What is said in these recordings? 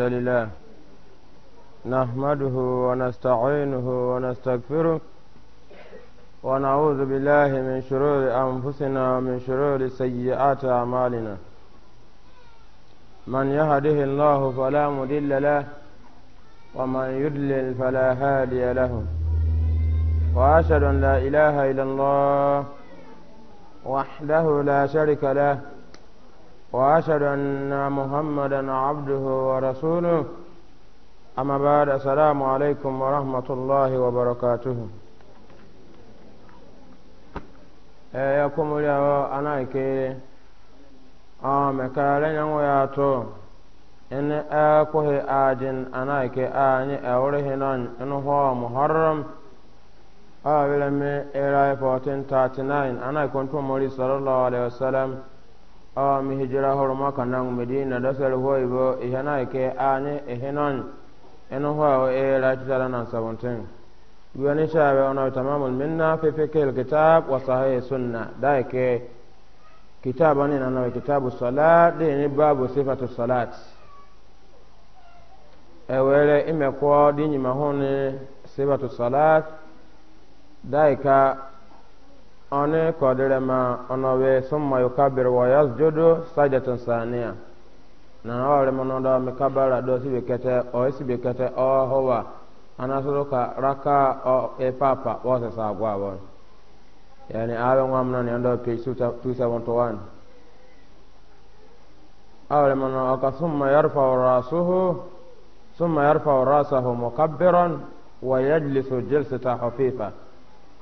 الحمد لله نحمده ونستعينه ونستغفره ونعوذ بالله من شرور أنفسنا ومن شرور سيئات أعمالنا من يهده الله فلا مضل له ومن يدلل فلا هادي له وأشهد أن لا إله إلا الله وحده لا شرك له وأشهد أن محمدا عبده ورسوله أما بعد السلام عليكم ورحمة الله وبركاته يقوم اليوم أنا كي أمكالين وياتو إن أكوه آجن أنا كي آني أورهنان إن هو محرم أولم إلى 1439 أنا كنت مولي صلى الله عليه وسلم o mi hijira horoma kanang medina da sar ho ibo ihana ke ane ehenon eno ho e la tara nan sabonten yuani shabe ona tamamul minna fi fikil kitab wa sahih sunna da ke kitabu ni nanawe kitabu salat de ni babu sifatu salat ewere imekwo di nyima hone sifatu salat daika ane kodere ma ono we summa yukabir wa yasjudu sajdatan saniya na ore mono do mi kabara do sibe kete o sibe kete o howa ana suru ka raka o e papa wa se sa gwa bon yani awe ngam non yando page 271 awre mono aka summa yarfa rasuhu summa yarfa rasahu mukabbiran wa yajlisu jilsata hafifa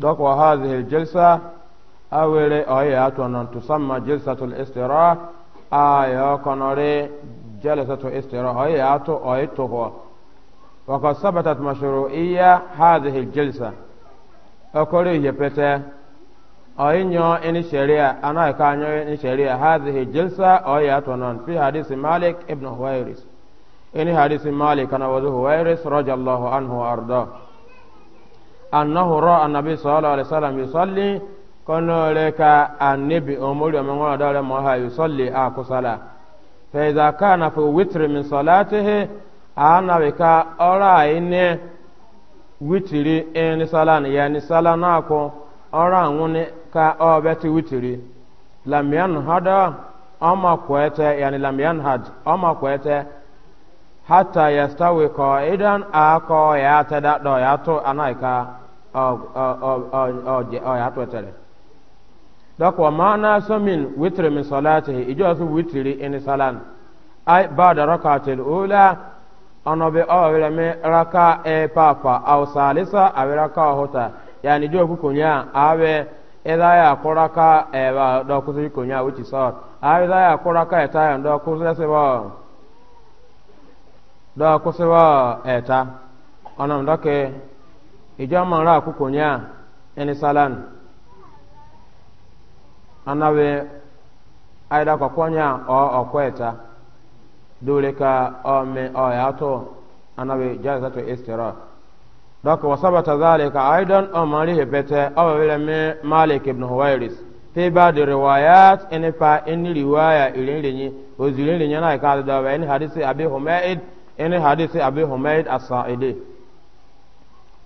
دوك وهذه الجلسة أولي أن تسمى جلسة الاستراحة آية كنوري جلسة استراحة أهي آياته وقد ثبتت مشروعية هذه الجلسة أقولي أهي أينيو إن شريع أنا كانيو إن شريع هذه الجلسة أن في حديث مالك ابن هويرس إن حديث مالك أنا وذو هويرس رضي الله عنه وأرضاه annahu ra'a annabi sallallahu alaihi wasallam yusalli kono leka annabi umuri amma ngona mo ha yusalli a kusala fa idza kana fi witri min salatihi ana wika ora ine witiri en salan yani salana ko ora ka obeti witri lam yanhada ama kwete yani ama kwete hata yastawi qa'idan ako ya tada do ya to anaika o o o ya to tere dok wa mana samin witri min salatihi ijo su witri in salan ay ba'da rak'atil ula ono be o wele me raka e papa aw salisa aw raka hota yani jo ku kunya awe ida ya koraka e ba do ku kunya which is out aw ida ya koraka eta ndo ku e se ba da kusurwa eta ọnam dọke ijo mara akwụkwọ nya enisalan anawe aida kwakwanya o okweta dole ka ome o ya anawe jaza to istira dọke wasabata zalika aidan o mari hebete o wele me malik ibn huwairis fi ba da riwayat enifa eni riwaya irin rinyi ozirin rinyi na ka da ba eni hadisi abi humaid إن حديث أبي حميد الصائدي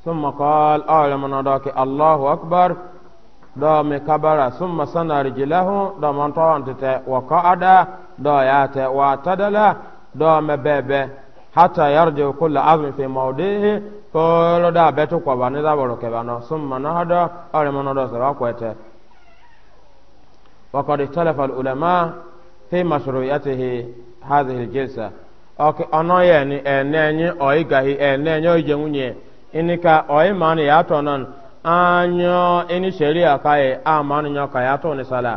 ثم قال أعلى من ذاك الله أكبر دوم كبر ثم سنى رجله دوم أنت وقعد دويات واعتدل دوم بيبي hata yarje kulla azmi fi mawdihi kolo da betu kwa bani da boro ke bano summa nahada ale mono do sara kwete wa qad ikhtalafa al ulama fi mashru'iyatihi hadhihi al jilsa ọkụ ọnọghị ni enenye ọịgaghị enenye oije nwunye inika ọịmanụ ya atọ nọ anyọ ini sheria kaye amanụ nyọ ka ya atọ nisala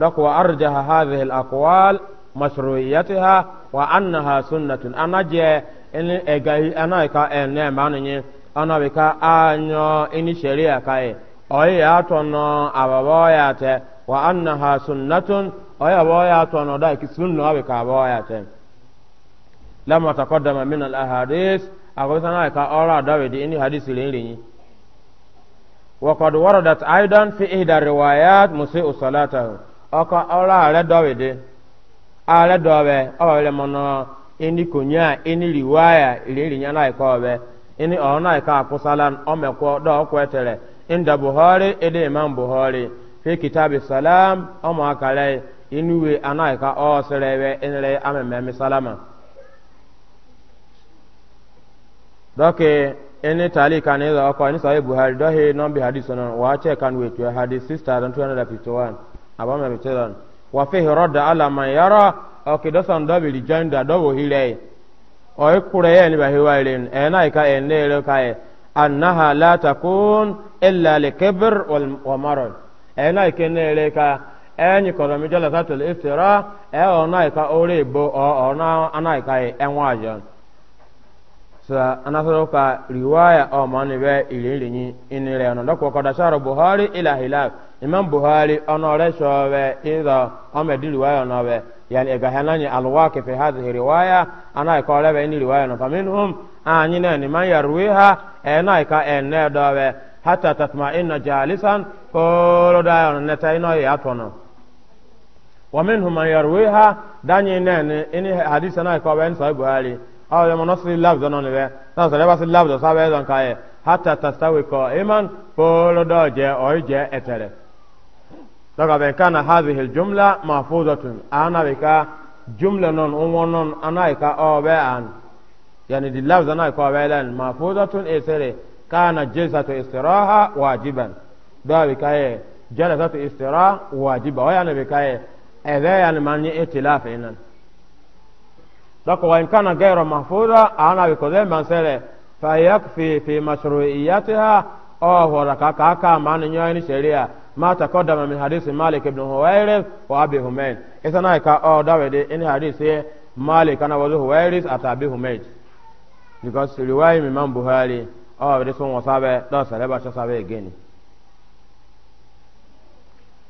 dọkwa arjaha hadhihi al-aqwal ha, wa annaha sunnatun anaje ini egahi anaika na e e manụ nye ọnọbika anyọ ini sheria kaye ọyị ya atọ nọ ababọ ya te wa annaha sunnatun ọyị abọ ya atọ nọ daiki sunna ọbika abọ ya te lama taqaddama min al akwai na ka ora dawe di ini hadisi lenrenyi wa qad waradat aidan fi ihda riwayat musii'u salatahu aka ora ale dawe di ale dawe ọrụ mono ini kunya ini riwaya obe ini ona ka do inda buhari imam buhari fi kitabi salam omo inuwe dɔke ɛne tali kan ne zɔkɔ ɛne sahih buhari dɔhe nɔmbi hadis nɔ waa kyɛ kan wɛ tuɛ hadis six thousand two hundred and fifty one abamɛ bi tɛdɔn wa fihi rɔda ala man yara ɔke dɔsɔn dɔbi rejoin da dɔbo hilɛ ɔye kurɛ yɛ ne ba hewa yɛlɛ ɛna ka ɛn ne yɛlɛ ka yɛ annaha la takun illa li kibir wa marad ɛna e ke ne yɛlɛ ka ɛnyi e kɔlɔmi jɔlɔ satul istira ɛ e ɔna ka ore bo ɔ ɔna ana ka yɛ ɛnwa jɔn sa anasoro ka riwaya o mani be ilili ni inire ono dako kada sharo buhari ila hilal imam buhari ono re so be ido o me di riwaya ono be yani e gahana ni alwaqi fi hadhihi riwaya ana ko re be ni riwaya no faminhum anyi na ni man yarwiha e na ka enne do be hatta tatma'inna jalisan ko da ono ne tay no ya tono wa minhum man yarwiha danyi ne ni hadisa na ko be ni sahih buhari aw yamo nosri labdo non be na so leba si labdo sa be don kae hatta tastawi ko iman polo do je o je etere daga be kana hadhihi aljumla mahfuzatun ana be ka jumla non on non ana ka o be an yani di labdo na ko be lan mahfuzatun etere kana jilsatu istiraha wajiban da be kae jalsatu istiraha wajiba o yana be kae ebe yani man ni itilaf inan dako wa inkana gairo mahfuda ana wikode mansere fa yakfi fi mashru'iyatiha o hora ka ka ka man nyoyni sheria ma taqaddama min hadisi malik ibn huwairis wa abi humayd isana ka o dawede in hadisi malik ana wa huwairis ata abi humayd because riwayi mi man buhari o wede sun wasabe do sareba shasabe geni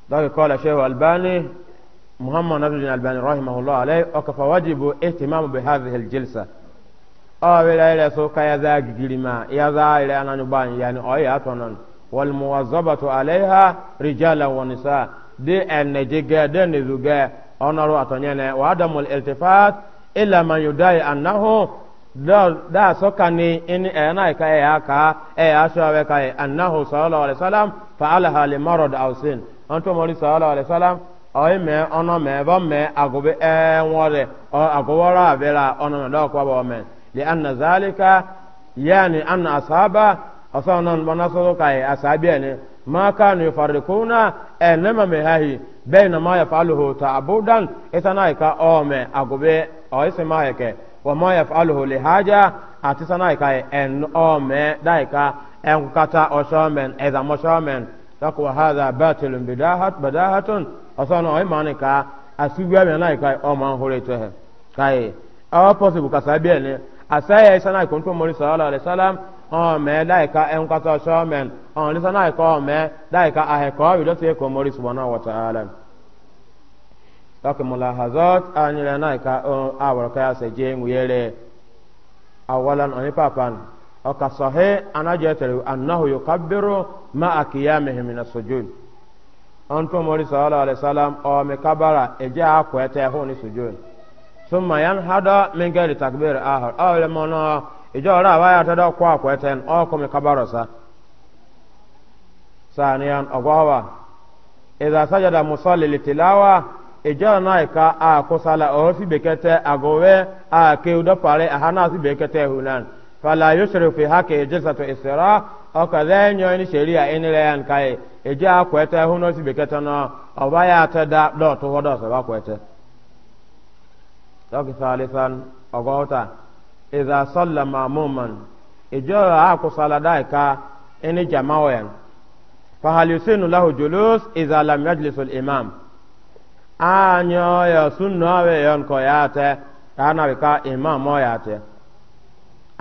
dako kola shehu albani muhammad nasir bin albani rahimahullah alayhi ọkọ fawajibu ihtimamu bi hadhihi aljilsa ọbẹ lẹyìn so kaya za gigirima ya za ilẹ anani ban yani ọ yà tọ nan wal muwazzabatu alayha rijalan wa nisa de ẹnẹjẹgẹ de nizugẹ ọnọrọ atọnyẹnẹ wa adamul iltifat illa man yudai annahu da soka ni in ena ka ya e e ka e aso awe ka annahu sallallahu alaihi wasallam fa alaha li marad aw sin anto mori sallallahu alaihi wasallam oyi mee ọnọ mee bọ mee agụbị enwọrị agụwọrọ abịara ọnọ mee dọkwa bụ ome li anna zalika yani anna asaba ọsọ nọ nbọ nasọrọ ka yi asabi ene ma ka nu farikuna enema me hahi bẹẹ na ma ya faluhu ta abudan ita na ika ome agụbị oyi si ma heke wa ma ya faluhu li haja ati sana ika en ome da ika enkata ọsọ men ezamọsọ men dọkwa hada batilun bidahatun na ọ ịma ka asịgwa mịa na ka ọma ma etu ha ka ị ọ pọsibụ kasa bịa ni asa ya ịsa na kọntụ mmiri sọlọ alẹ salam ọ mẹ daị ka ẹ nkwata ọsọ mẹ ọ nisa na ka ọ mee daị ka ahẹ ka ọ bụ dọsị ekọ mmiri sọgbọ na wọta ala tọkịmụla hazọt anyịrị na ka ọ awọrọ ka ya sị jee nwụnyere awalan onye papan ọ ka sọhị anaghị etere anaghị yọ kabiru ma akịya na sojoni. anto mori sallallahu alaihi wasallam o me kabara eje akwa ete ho ni sujud summa yan hada min gari takbir ahar aw le mono ijo ra ba ya tada kwa akwa ete o ko me kabara sa saniyan agwawa idza sajada musalli litilawa ijo na ka a ko sala o si bekete agowe a ke udo pare ahana si bekete hunan fala yushrifu fi haqi jalsatu isra o ka zanyo ni sheria in le yan kai eje akwete hụ n'osi beketa na ọba ya ate da dọtụ hụ dọtụ ọba kwete dọkịta alisan ọgọta ịza sọla ma mụman eje akwụsala da ka ịnị jamawen fahalusinu lahu julus ịza lam yajlisul imam anyọ ya sunna awe ya nkọ ya ate ka na ka imam ọ ya ate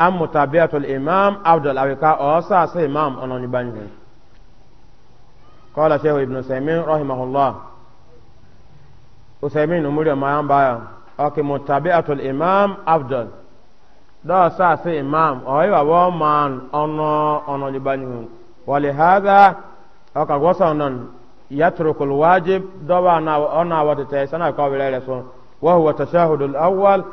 amụta biatul imam abdul awika ọsọ asị imam ọnọnyi banjiri قال شيخ ابن سيمين رحمه الله usaimin umuri ma yan baya ok mutabi'atul imam afdal da sa se imam o yi babo man ono ono libani hun wali hada ok gosa non yatrukul wajib da ba na ona wata ta sana ko bi lele so wa huwa tashahudul awwal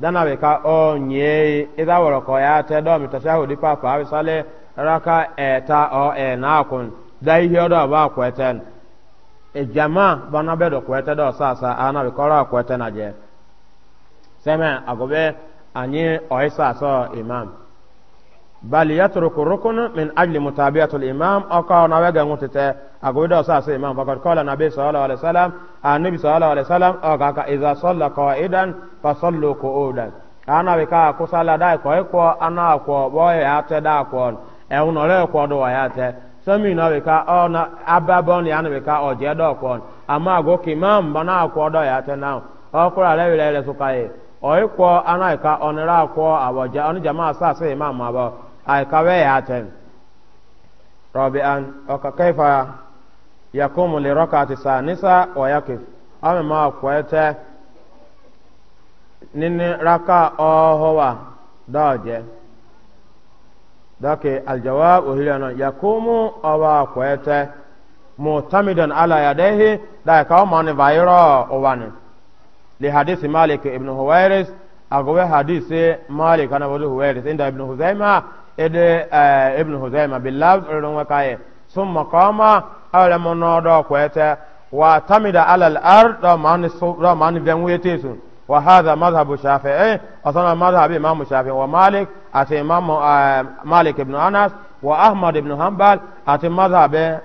dana be ka o nye ida woro ko ya te do mi tashahudi papa abi sale raka eta o e na kun dai hi odo ba ko eten e bana be do ko ete do ana be ko ra ko eten aje agobe anyi o isa so imam bal yatruku rukuna min ajli mutabi'atul imam aka na wega ngutete agoda sa sa imam faqad qala nabi sallallahu alaihi wasallam annabi sallallahu alaihi wasallam aka ka iza salla qa'idan fa sallu qu'udan ana we ka ku sala dai ko ko ana ko boye ate da ko e uno le ko do wa ate sami na we ka ona ababon ya na we ka oje do ko ama go ki imam bana ko do ya ate now okura le le le sukai oiko ana ka onira ko aboja oni jamaa sa sa imam abo alkawe ya ten rabi'an oka kaifa yakumu li rakati sanisa wa yakif ame ma kwete nini raka ohowa doje dake aljawab ohilana yakumu owa kwete mutamidan ala yadehi da ka ma ni vairo owani li hadisi malik ibn huwairis agowe hadisi malik ana huwairis inda ibn huzaima ede eh, ibn huzaima billah irin waka ye sun makama awale mo no do kwete wa tamida alal ar do mani do mani ben wete sun wa hadha madhhabu shafi'i asana eh, madhhab imam shafi, wa malik at imam eh, malik ibn anas wa ahmad ibn hanbal at madhhab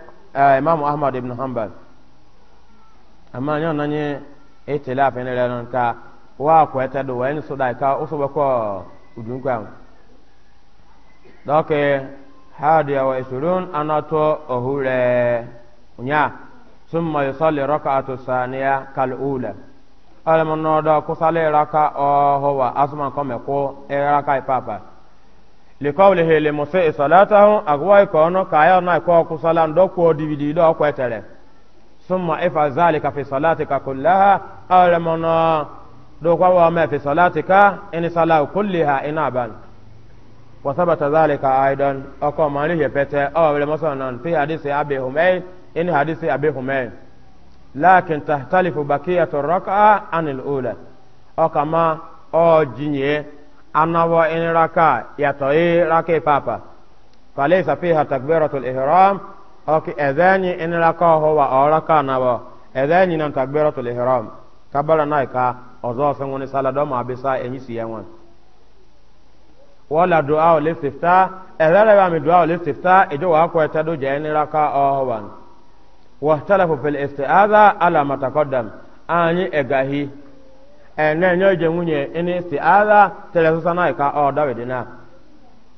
imam ahmad ibn hanbal amma nyon nanye itilaf ne ran ka wa kwete do wa ni so dai ka usuba ko udun kwa donc hadi wa isurun anato ohure unya summa yusalli rak'atu saniya kal ula ala mo no do ko sale raka o howa asman ko me ko e raka e papa li qawlihi li musi salatahu agwa ko no kaya na ko ko sala ndo ko dividi do ko etere summa ifa zalika fi salatika kullaha ala mo no do ko wa me fi salatika in sala kulliha inaban وثبت ذلك أيضا أقام عليه بيتا أو بالمصنع في حديث أبي همي إن حديث أبي همي لكن تختلف بقية الركعة عن الأولى أقام أو جنيه أنه إن ركع يطعي ركع بابا فليس فيها تكبيرة الإحرام أو أذاني إن ركع هو أو ركع نبو أذاني نم تكبيرة الإحرام كبرنا نايكا أزوصن ونسالة دوما بسا إنسي يوان wala du'a wal istifta ezara ba mi du'a wal istifta ijo wa ko ta do jayin raka ohwan wa ikhtalafu fil isti'aza ala ma taqaddam ani egahi ene nyo je munye ini isti'aza tele susana ka o dawidina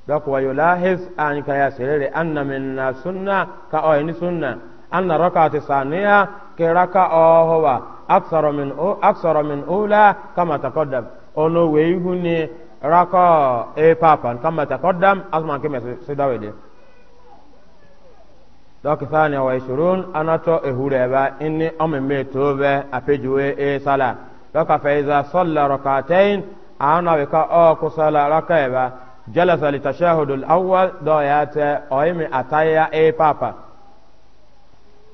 dok wa yulahiz an ka ya sirere anna minna sunna ka o ini sunna anna rak'ati saniya ke raka ohwa aksara min o aksara min ula kama taqaddam ono we ihu ni rako e papan kama taqaddam asman kema sidawede dɔki sani wa ishurun anato ehureba inni ɔmime tobe apejuwe e sala dɔka faiza salla rakatain ana bi ka ɔ kusala rakaiba jalasa li tashahudul awwal dɔ ya te ɔyimi ataya e papa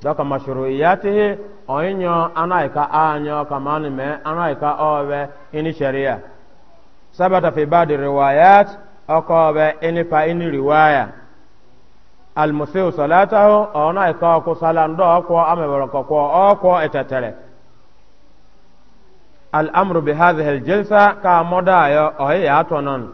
dɔka mashruiyatihi ɔyi nyɔ ana yi ka a nyɔ kamani mɛ ana yi ka ɔbɛ ini shari'a ثبت في بعض الروايات أقاب إن فإن رواية المسيء صلاته أنا إكاكو صلاة أقوى أم بركوكو أقوى إتتري الأمر بهذه الجلسة كمدى أهي أتونن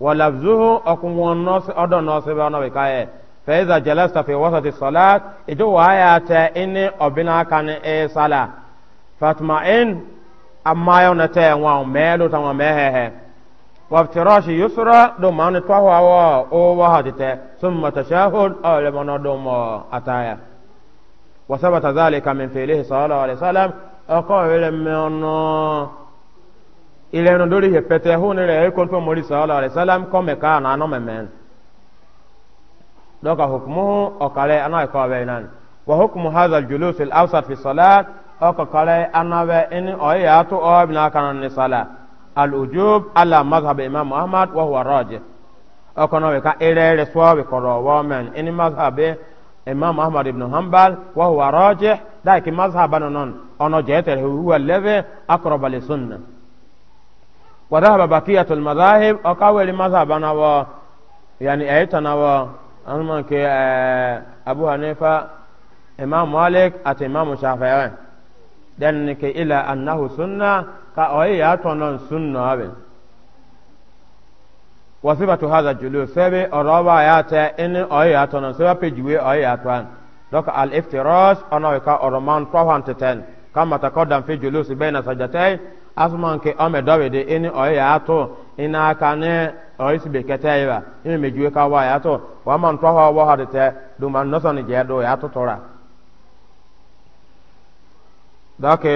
ولفظه أكون الناس أدى الناس بأنا بكاية فإذا جلست في وسط الصلاة إجو آيات إني أبنا كان إيه صلاة فاتمعين أما يونتين ميلو تما تمامهه وافتراش يسرى دوم أن توا أو وهدت ثم تشاهد اول لمن دوم أتايا وثبت ذلك من فعله صلى الله عليه وسلم أقول من إلى ندوري ندوره فتحون إلى يكون في مولى صلى الله عليه وسلم كم كان أنا ممن دوك حكمه أقاله أنا يقابلنا وحكم هذا الجلوس الأوسط في الصلاة أقاله أنا بيني أياتو أو بنا كان الصلاة الوجوب على مذهب إمام أحمد وهو راجح أكون بك إلى رسوة بكرة ومن إن مذهب إمام أحمد بن حنبل وهو راجح ذلك مذهب نون أنا جئت هو الذي أقرب للسنة وذهب بقية المذاهب أقوى لمذهب أنا و يعني أيت أنا و أنا آه، أبو حنيفة إمام مالك أت إمام الشافعي لأنك إلى أنه سنة ka oyi ya tonon sunna abin wasifatu hadha julu sebe oroba ya ta in oyi ya tonon sebe pejuwe oyi ya toan doka al iftirash ona ka oroman 1210 kama takoddam fi julus baina sajdatay asman ke ome dawede in oyi ya to ina ka ne oyi sibe kete iba in mejuwe ka wa ya to wa man toha wa hadite duman nosani tora doke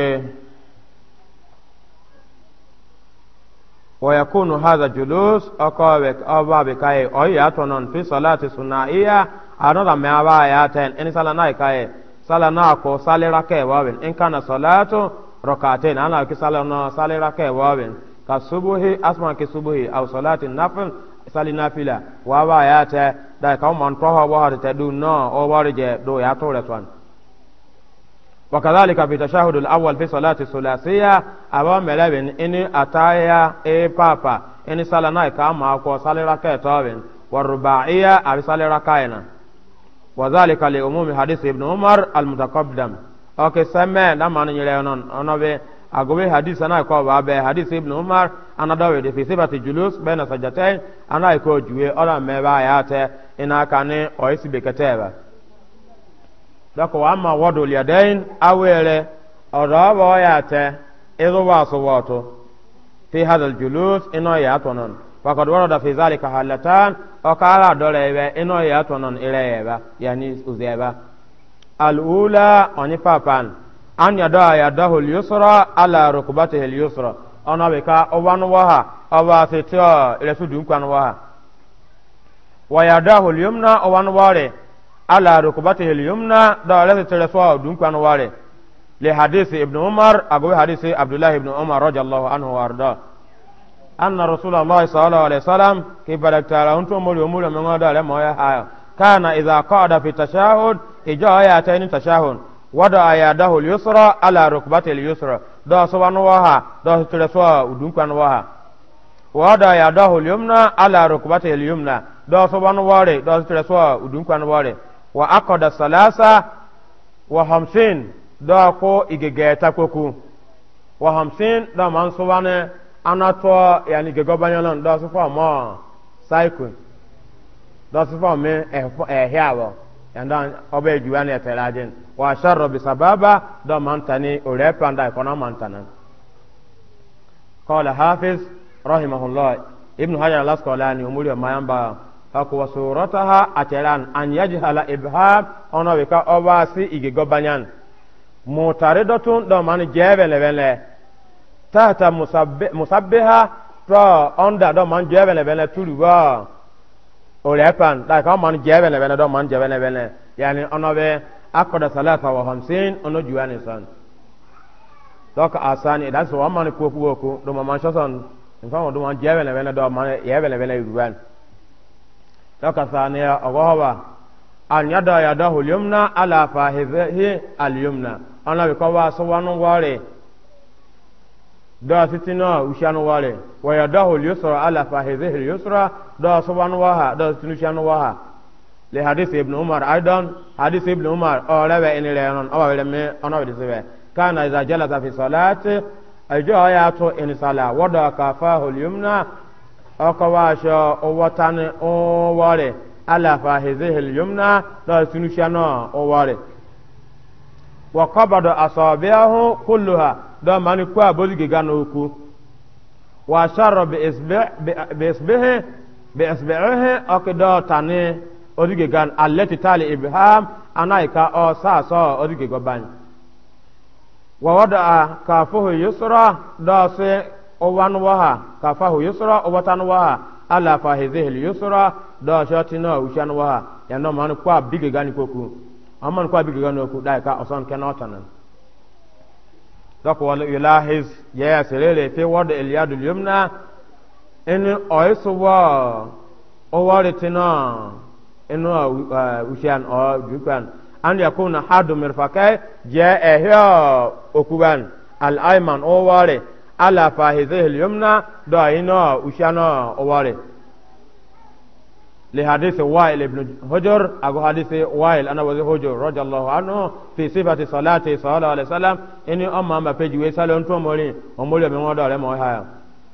ويكون هذا جلوس أقابك أبابك أي أي أتون في صلاة سنائية أنا ما بعياتين إن صلاة كاي صلاة ناكو صلاة ركعة وابن إن كان صلاة ركعتين أنا كي صلاة صلاة ركعة وابن كسبه أسمع كسبه أو صلاة النفل صلاة نافلة وابعياتين ده كم من طه وهر تدون أو ورجة دو يا تورتوان وكذلك في تشهد الأول في صلاة الثلاثية أبا ملابن إني أتايا إي بابا إني صلاة نايكا معكو صلاة ركعتين والرباعية أبي صلاة ركعين وذلك لعموم حديث ابن عمر المتقدم أوكي سمع لما نيليونون أنا بي أقوي حديث أنا يكو بابي حديث ابن عمر أنا داوي في صفة الجلوس بين سجدتين أنا يكو جوي أنا مبايات إنا كان أويس بكتابة dako ama wado lyadain awere odaba yate ido waso wato fi hadha aljulus ino yatonon fakad warada fi zalika halatan okala dolebe ino yatonon ileyeba yani uzeba alula oni papan an yada yadahu ala rukbatihi alyusra ona be ka obanu waha oba fitio ilesu dunkwan waha wa ala rukubatihi al-yumna da la telefa dun kan ware li hadisi ibn umar ago hadisi abdullah ibn umar radiyallahu anhu warda anna rasulullah sallallahu alaihi wasallam ki balaktara unto mori umur men ngoda le moya haya kana idha qada fi tashahhud ija ya tayni tashahhud wada ayadahu al-yusra ala rukbatihi al-yusra da subhanahu wa ha da telefa dun kan wa ha wada ayadahu al-yumna ala rukbatihi al-yumna da subhanahu wa re da telefa dun kan wa wa akọda salasa wa hamsin dɔɔ ko igegɛɛta kpoku wa hamsin dɔɔ man sobane anatɔ yani gegɔbanyɔlɔn dɔɔ sifɔ mɔ saikun dɔɔ sifɔ mi ɛhiawɔ eh, eh, yandan ɔbɛ juwa ni ɛtɛlajin wa sharro bisababa dɔɔ man tani ore panda ikɔnɔ man tani kɔɔla hafiz rahimahullah ibnu hajar alasukɔlani omuri ɔmayamba. ako wasurataha ateran an yajhala ibham ono be ka obasi ige gobanyan mutare dotun do man jebele bele tata musabbe musabbeha to onda do man jebele bele turuwa olepan da ka man jebele bele do man jebele bele yani ono be akoda salata wa hamsin ono juwani san doka asani dan so man ko ko ko do man shosan in fa do man jebele bele do man jebele bele yuwan لكثانية أغوهبا أن يدع يده اليمنى على فاهبه اليمنى أنا بكوا سوان واري دا ستنا وشان واري ويده اليسرى على فاهبه اليسرى دا سوان وها دا ستنا وشان وها لحديث ابن عمر أيضا حديث ابن عمر أو ربع إن لينون أو لمي أنا بديسبه كان إذا جلس في صلاة أجوا ياتو إن صلاة وضع كفاه اليمنى ọkọwaṣọ ọwọtani ọwọrẹ alafa hezehel yomna lọọ sunusia náà ọwọrẹ wakọbadọ asọbiahu n'okwu wasọrọ bẹsibẹhẹ bẹsibẹhẹ ọkidọọ tani odigiga alẹtitali ibrahim anaika ọ saasọ odigiga bani a kàfuhu yusra dọọ owanwaha ka fahu yusra owatanwaha ala fahizihil yusra da shotina ushanwaha ya no man kwa bige gani koku amman kwa bige gani koku dai ka osan kana otanan dako wal ilahiz ya sirele fi wad al yad al yumna in oisuwa owaritina inu uh, ushan o uh, dukan an yakuna hadu mirfakai je ehyo okuban al ayman oware ala fahizihi lyumna do ino ushano oware لحديث وائل بن هجر أقول حديث وائل أنا وزي هجر رضي الله عنه في صفة صلاته صلى الله عليه وسلم إني أما ما بيجي ويسأل أنتم مولي ومولي من وضع لما هاي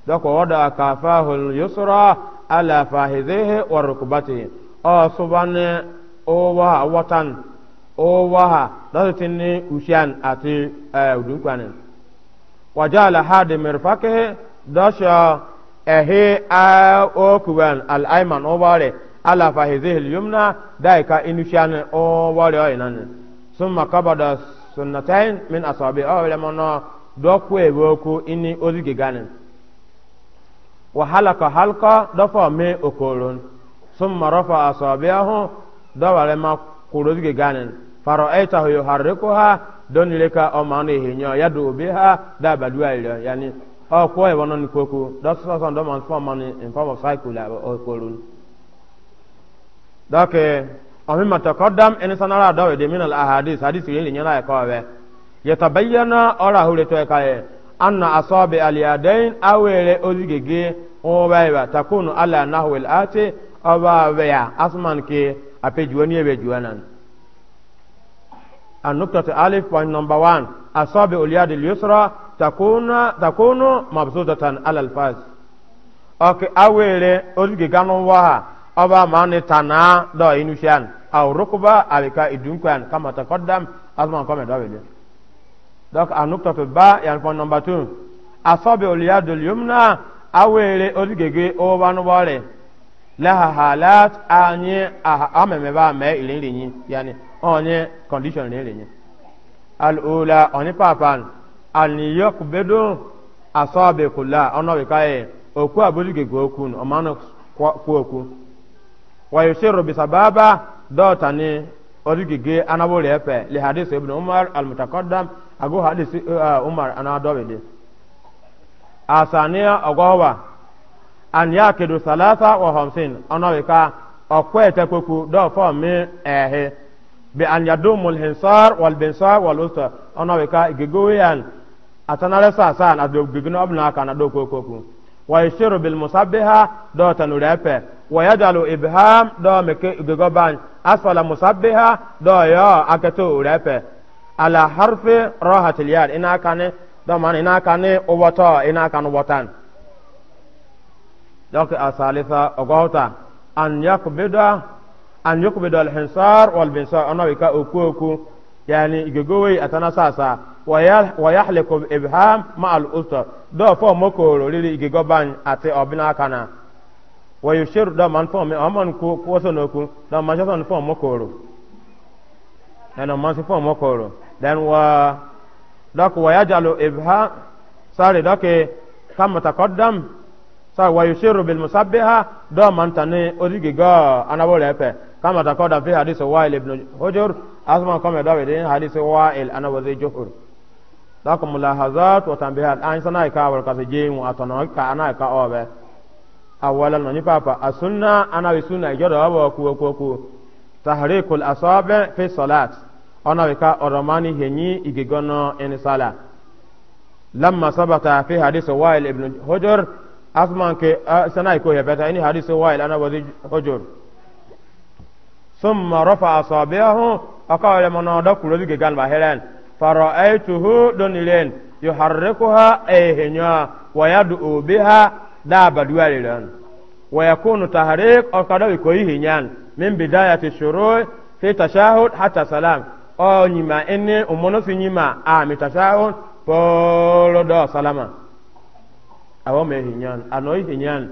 دوك وضع كافاه اليسرى على فاهزه وركبته أو سبحان أوها وطن أوها دوك تني وشان أتي أدوكوانين وجعل هذا مرفقه دشا ehe a okuban al'aiman obare ala fahizihil yumna daika inushan obare oyinan sun makaba da sunnatain min asabi awele mono dokwe ewoku ini ozige ganin wa halaka halka dafa me okoron sun marafa asabi ahu dawale ma kurozige ganin Parọ ahi taahụ ịhararịkwụ ha, ndụ n'ireka ọ mahadum ịhịnyọ ya dọọ obi ha, ndaa badwaa ịlọ ya na ọ kwọ ya ọ nọ n'ikwokwu ndọọ sọsọ ndọọ ma ọ sịkwa ọ ma na o kpolu. Dọọkị, ome matuwa ka ọ damu enesanara dọọ edemirala ahadịsị, hadịsị ị ị ndị nyenye na-akọwere. Ya ta be ihe na ọrụ ahụrụ etu ọ ka ya, ana m asọpụ ala deenụ aweere ozige gi nwụba ịwa takwun ala anaghị wụlọ النقطة ألف point number one أصابع اليد اليسرى تكون تكون مبسوطة على الفاز أوكي أولي أولي كانوا وها أبا ماني تنا دو إنوشان أو ركبة أليكا إدونكوان كما تقدم أزمان كومي دوبلي دوك النقطة الباء يعني point number two أصابع اليد اليمنى أولي أولي كي أوبان والي لها حالات أني أمامي بامي إليني يعني onye condition ne lenye al ula oni papan al ni bedo asabe kula ono we kai oku abodi gege oku no omano ku oku wa yusiru bi sababa dota ni origige anabole epe li hadith ibn umar al mutaqaddam ago hadith uh, uh, umar anadobede asania ogowa an yakidu salasa wa hamsin ono we ka okwe tekoku do fo mi ehe eh, eh bi an yadumu al-hinsar wal binsar wal usta ona we ka igegoyan atanare sasan ado gigino abna kana do kokoku wa yashiru bil musabbiha do tanurepe wa yadalu ibham do meke igegoban asfala musabbiha do yo akato urepe ala harfi rahat al-yad ina kane do man ina kane owoto ina kanu wotan donc asalisa ogota an yakbida an yukbidu al-hinsar wal binsar ana wika oku oku yani igogowe atana sasa wa yahliku ibham ma al-usr do fo mokoro riri igogoban ati obina kana wa yushiru do man fo mi amon ku koso noku do man shon fo mokoro dan man fo mokoro dan wa dak wa yajalu ibham sare dake kama taqaddam sa wa yushiru bil musabbiha do man tane odigigo anabole epe kama takoda fi hadisi wa'il ibn hujur asma kama da wadin hadisi wa'il ana wa zai juhur dako mulahazat wa tambihat an sana ka war ka je mu atona ka ana ka obe awalan no ni papa asunna ana wi sunna ijodo wa ku ku ku tahrikul asabi fi salat ana wi ka oromani henyi igigono en sala lamma sabata fi hadisi wa'il ibn hujur asman ke sana ko hebeta ini hadisi wa'il ana wa zai ثم رفع أصابعه أقال من أدق لذلك كان بحرين فرأيته دونيلين يحركها أيهنيا ويدعو بها دابا دواليلين ويكون تحريك أقدر كويهنيان من بداية الشروع في تشاهد حتى سلام أو نما إني أمنا في نما آمي تشاهد بولو دو سلاما أو ميهنيان أنويهنيان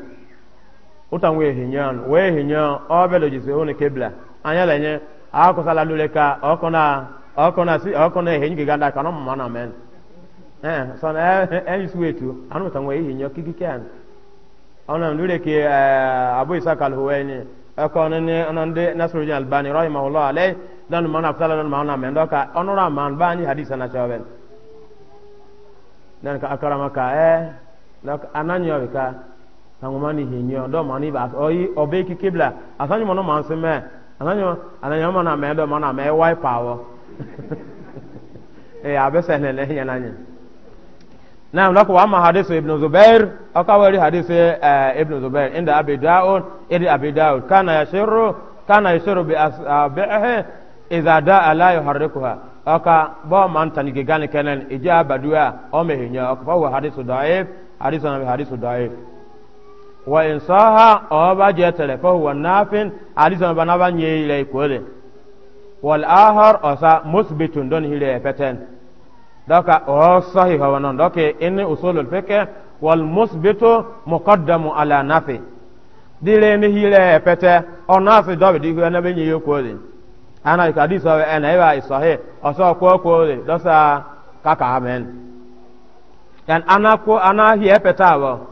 أتنويهنيان ويهنيان أو بلو جسيهون كبلا anya lenye akụsala lule ka ọkụ na ọkụ na si ọkụ na ehe nyige ganda ka nọ mma na men eh so na eh, eh, eh isu etu anu ta nwe ihe nyoki kike an ona lule ke eh, abu ọkọ ni ọna ndị nasruddin albani rahimahullah alay dan mana dan mana na dan ka akarama ka ka mani ba ananyo ananyo mana me do mana me wipe awo eh abesa ne ne nya nanya na mlako wa mahadithu ibn zubair akawali hadithi uh, eh, ibn zubair inda abi daud idi abi daud kana yashiru kana yashiru bi asbihi ah, idha daa la yuharrikuha aka bo man tanige gani kenen ija badua o mehinya aka fa hadithu da'if hadithu na hadithu da'if wa insaha oba je tele fa huwa nafin hadisa ba na ban yi ile kole wal ahar osa musbitun don hile peten doka o sahi hawa non doke in usulul fiqh wal musbitu muqaddamu ala nafi dile ni hile pete o nafi do di na ban yi kole ana ka hadisa wa ana iba isahi osa ko kole dosa kaka amen dan ana ko ana hi petawo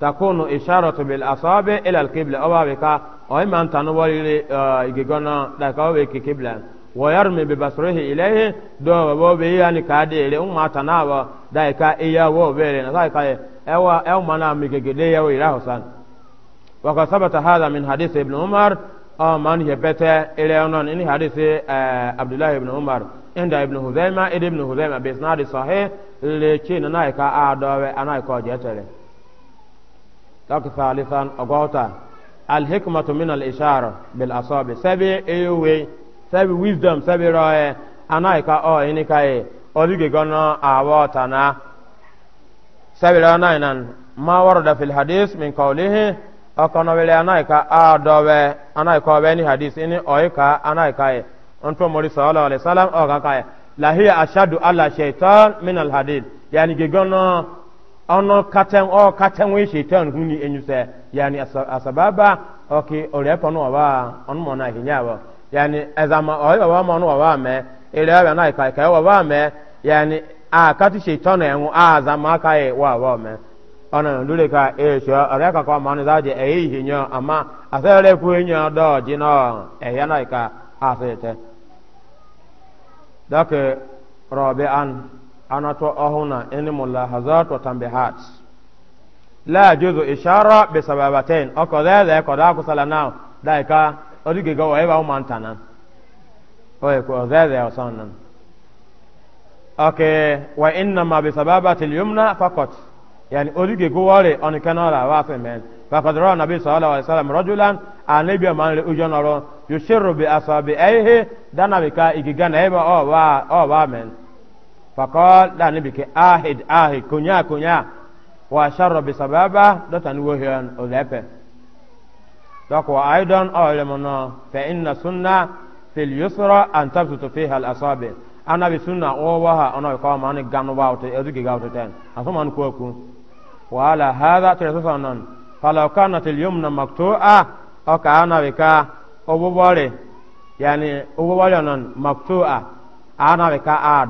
takunu isharatu bil asabi ila al qibla awa be ka o man tanu wali igigona da ka we ki qibla wa yarmi bi basrihi ilayhi do bo be yani ka de le umma tanawa da ka iya wo be le na ka ewa ew mana mi gigede ya we ra hosan wa ka sabata hadha min hadith ibn umar o man yebete ile onon ini hadith abdullah ibn umar inda ibn huzaima ibn huzaima bi isnad sahih le chi na ka adawe anai ko jetere لك ثالثا أقوتا الحكمة من الإشارة بالأصابع سبي أيوه سبي ويزدم سبي رأي أنا إكا أو إنكا إيه أذيك غنا أواتنا سبي رأينا إنان ما ورد في الحديث من قوله أكون ولا أنا إكا أدوه أنا إكا بني حديث إني أو إكا أنا إكا إيه أنتم مولى صلى الله عليه وسلم أو كا لا هي أشد على شيطان من الحديث يعني غنا kacha katen o katen we shaitan huni enyuse yani asababa okay ore pa no wa on mo na hinya wa yani azama o wa mo no wa me ile wa na kai kai wa me yani a kati shaitan en a azama kai wa wa me ona ndule ka e sho ore ka kwa ma za je e hinya ama asere ku hinya do ji no e ya na ka asete dak rabi'an anato ahuna eni mulahazat wa tambihat la juzu ishara bi sababatain oko dede ko da ku sala now dai ka odige go wa ba man tanan o ko dede o sanan okay wa inna ma bi sababati al-yumna faqat yani odige go wore on kanara wa fe men faqad ra nabi sallallahu alaihi wasallam rajulan anabi man le ujonoro yushiru bi asabi ayhi dana bi ka igiga na eba o wa o wa men fakɔl daa ne bi ke ahid ahid konya konya wa sharro bi sababa dɔta ni wohiyan o lɛpɛ dɔk wa aidan ɔyɛlɛmɔ nɔ fɛ inna sunna fil yusra an tabsutu fiha al asabi ana bi sunna o oh, waha ɔnɔ bi kɔma ani ganu ba wote ɛdu giga wote tɛn aso ma ni kuwa kun wa ala hada tere sosa nɔn falaw kana til yumna maktu'a ɔka ana bi ka o bɔbɔre yani o bɔbɔre nɔn maktu'a ana bi ka a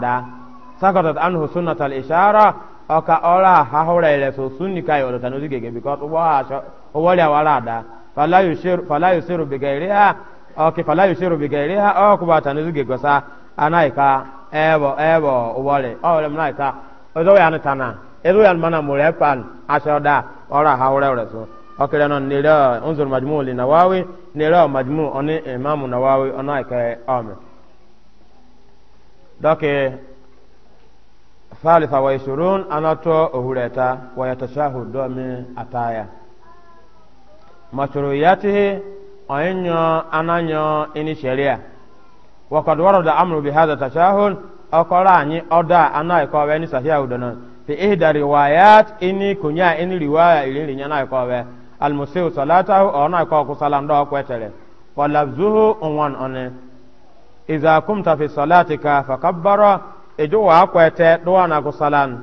sakatat anhu sunnat al ishara oka ola hahura ile so sunni kai odo tanuzi gege because wo ha so wole wala da fala yushir fala yusiru bi gairiha okay fala yusiru bi gairiha o ku tanuzi gege sa anaika ebo ebo wole o le mnaika odo ya ni tana edo ya mana mure pan ashoda ora hahura ile so okere non nira unzur majmu li nawawi nira majmu oni imamu nawawi onaika ame doke thalitha wa ishurun anato ohureta wa yatashahudu min ataya mashruyatihi oinyo ananyo ini sheria wa qad warada amru bi hadha tashahud akola anyi oda anai ko we ni sahia udana fi ihda riwayat ini kunya ini riwaya ili linya nai ko we al musiu salatahu ona ko ku salam do ko etere wa lafzuhu unwan one idza kumta fi salatika fakabbara ejo wa akwete duwa na kusalan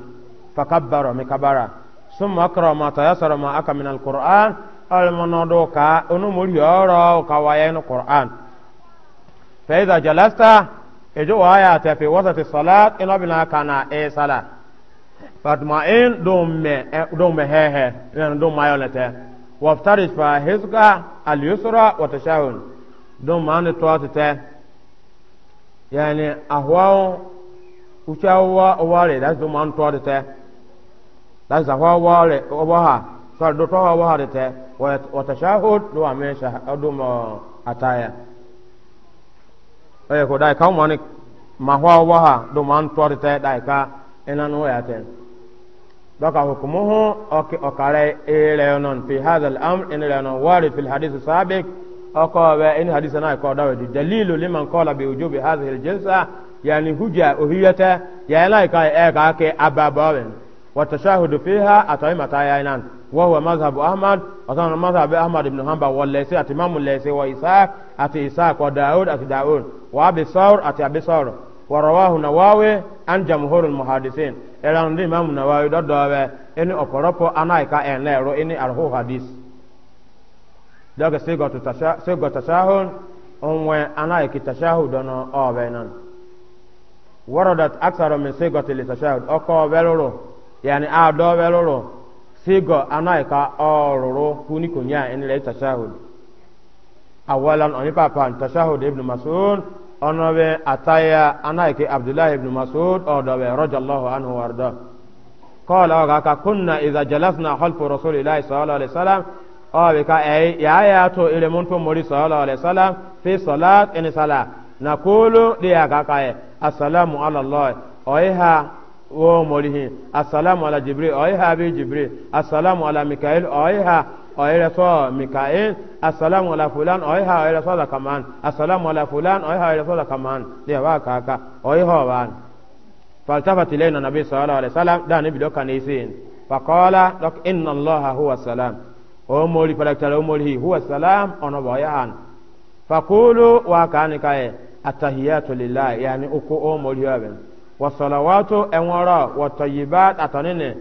fakabbaro mikabara summa akra ma tayassara ma aka min alquran almonodo ka onu muri oro ka wayen qur'an fa idha jalasta ejo wa ya ta fi wasati salat ina bina kana e sala fatma in dumme dumme hehe ina dumme ayolete waftarij fa hizqa al yusra wa tashahun dumme an tuatete yani ahwao ucha wa wale da zo man to de te da za wa wale wa ha so do to wa wa de te wa tashahud do amesha aduma ataya oye ko eh, dai kaw manik ma wa wa do man to de te dai ka ina no ya ten doka hukumuhu okare ile non fi hadha al-amr in la non warid fil hadith sabiq أقوى إن حديثنا يقول دليل لمن قال بوجوب هذه الجلسة yani hujja uhiyata ya la ka e ka ke ababawen wa tashahudu fiha atai mata ya nan wa huwa mazhabu ahmad wa kana mazhabu ahmad ibn hanbal wa laysa atimamu laysa wa isaq ati isaq wa daud ati daud wa abi saur ati abi saur wa rawahu nawawi an jamhurul muhaddisin era ndi imam nawawi dodowe eni oporopo anai ka en lero eni arhu hadis daga sego tashahu onwe anai ki tashahu dono obenan oh, waradat aksaro min sigati litashahud oko veluru yani a do veluru sigo anai ka oruru kuni kunya in litashahud awalan oni papa tashahud ibn mas'ud ono be ataya anai ke abdullah ibn mas'ud o do be radiyallahu anhu warda qala ga ka kunna idza jalasna khalfa rasulillahi sallallahu alaihi wasallam o be ka ay ya ya to ile mun to mori sallallahu alaihi wasallam fi salat in sala nakulu diya ka ka asalamu ala allah oiha wo morihi asalamu ala jibril oiha bi jibril asalamu ala mikael oiha oire so mikael asalamu ala fulan oiha oire so la kaman asalamu ala fulan oiha oire so la kaman de wa kaka salam wan فالتفت إلينا النبي صلى الله عليه وسلم ده نبي لو كان يسين فقال لك إن الله هو السلام أمولي فلك ترى أمولي هو السلام أنا بيان فقولوا وكان كاي atahiyatu lillahi yani uku o moliyaben wa salawatu enwara wa tayyibat atanine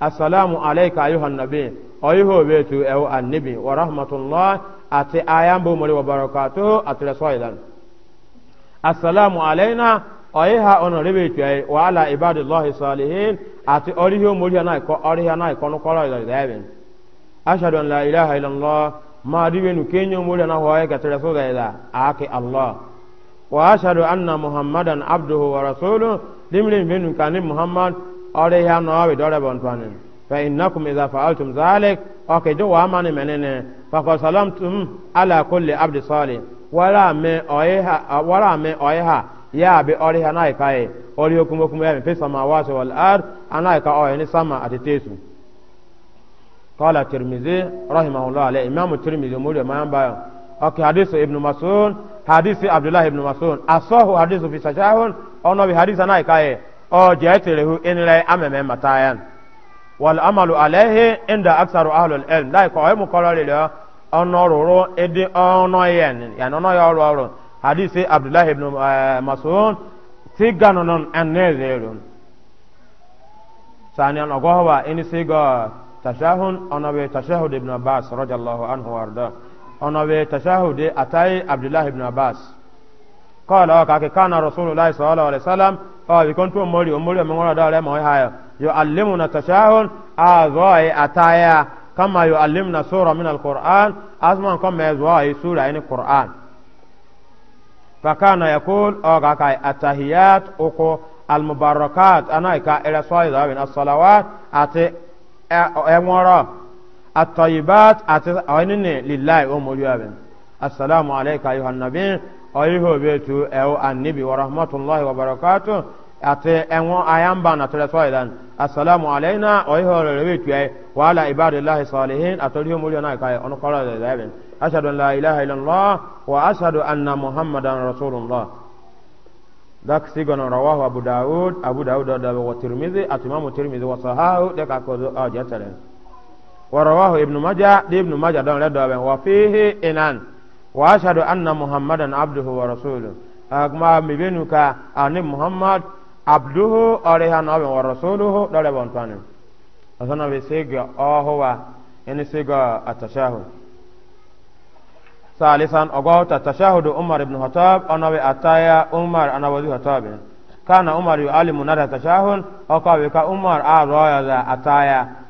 assalamu alayka ayuha nabi ayuha betu ew annabi wa rahmatullah ati ayambu moli wa barakatuhu atresoidan assalamu alayna ayuha onoribetu ay wa ala ibadillahi salihin ati orihi moliyana ko orihi na ko no koro idan ashhadu an la ilaha illallah ma diwenu kenyo moliyana ho ay katresoidan ake allah وأشهد أن محمدا عبده ورسوله لمن بن كان محمد أريه نواب دولة بنتوانين فإنكم إذا فعلتم ذلك أكيدوا وأماني منين فقد سلمتم على كل عبد صالح ولا مي أيها ولا مي أيها يا بأريه نايكاي أريكم وكم في السماوات والأرض أنايكا أيه نسما أتتيسو قال الترمذي رحمه الله عليه إمام الترمذي مولى ما ينبغي أكي حديث ابن مسعود hadisi abdullahi ibn mas'ud asahu hadisu fi sahihun ono bi hadisa na ikaye o jeetelehu inle ameme matayan wal amalu alayhi inda aksaru ahlul ilm dai ko e mu kolori le ono roro edi ono yen ya no yo roro hadisi abdullahi ibn eh, mas'ud siganonon anezerun sani an eni ini sigo tashahun ono bi tashahud ibn abbas radiyallahu anhu arda. ona we tashahudi atai abdullah ibn abbas qala ka kake kana rasulullah sallallahu alaihi wasallam fa bi kuntu umuri umuri mun wala dare mai haya yuallimuna tashahud azai ataya kama yuallimuna sura min alquran azman kama yazwai sura in alquran fa kana yaqul wa kake atahiyat uko almubarakat anaika ila sawida bin salawat ate enworo الطيبات أتعينني لله أم اليابن السلام عليك أيها النبي أيها بيتو أو النبي ورحمة الله وبركاته أتي أمو أيام بان أتلسويدا السلام علينا أيها البيتو وعلى عباد الله الصالحين أتلهم اليونا كاي أنقل اليابن أشهد أن لا إله إلا الله وأشهد أن محمدا رسول الله ذاك سيغن رواه أبو داود أبو داود, داود, داود والترمذي أتمام الترمذي وصحاه ذاك أكو أجتلين ورواه ابن ماجه دي ابن ماجه دون لدو وفيه إنان وأشهد أن محمدا عبده ورسوله أكما مبينك أن محمد عبده أريهان أبن ورسوله دولة بانتواني أصنع بسيقى أهو إن سيقى التشاهد ثالثا أقوت التشاهد عمر بن خطاب أنا أتايا عمر أنا وزي خطاب كان عمر يعلم نار التشاهد أقوى بك عمر أروي أتايا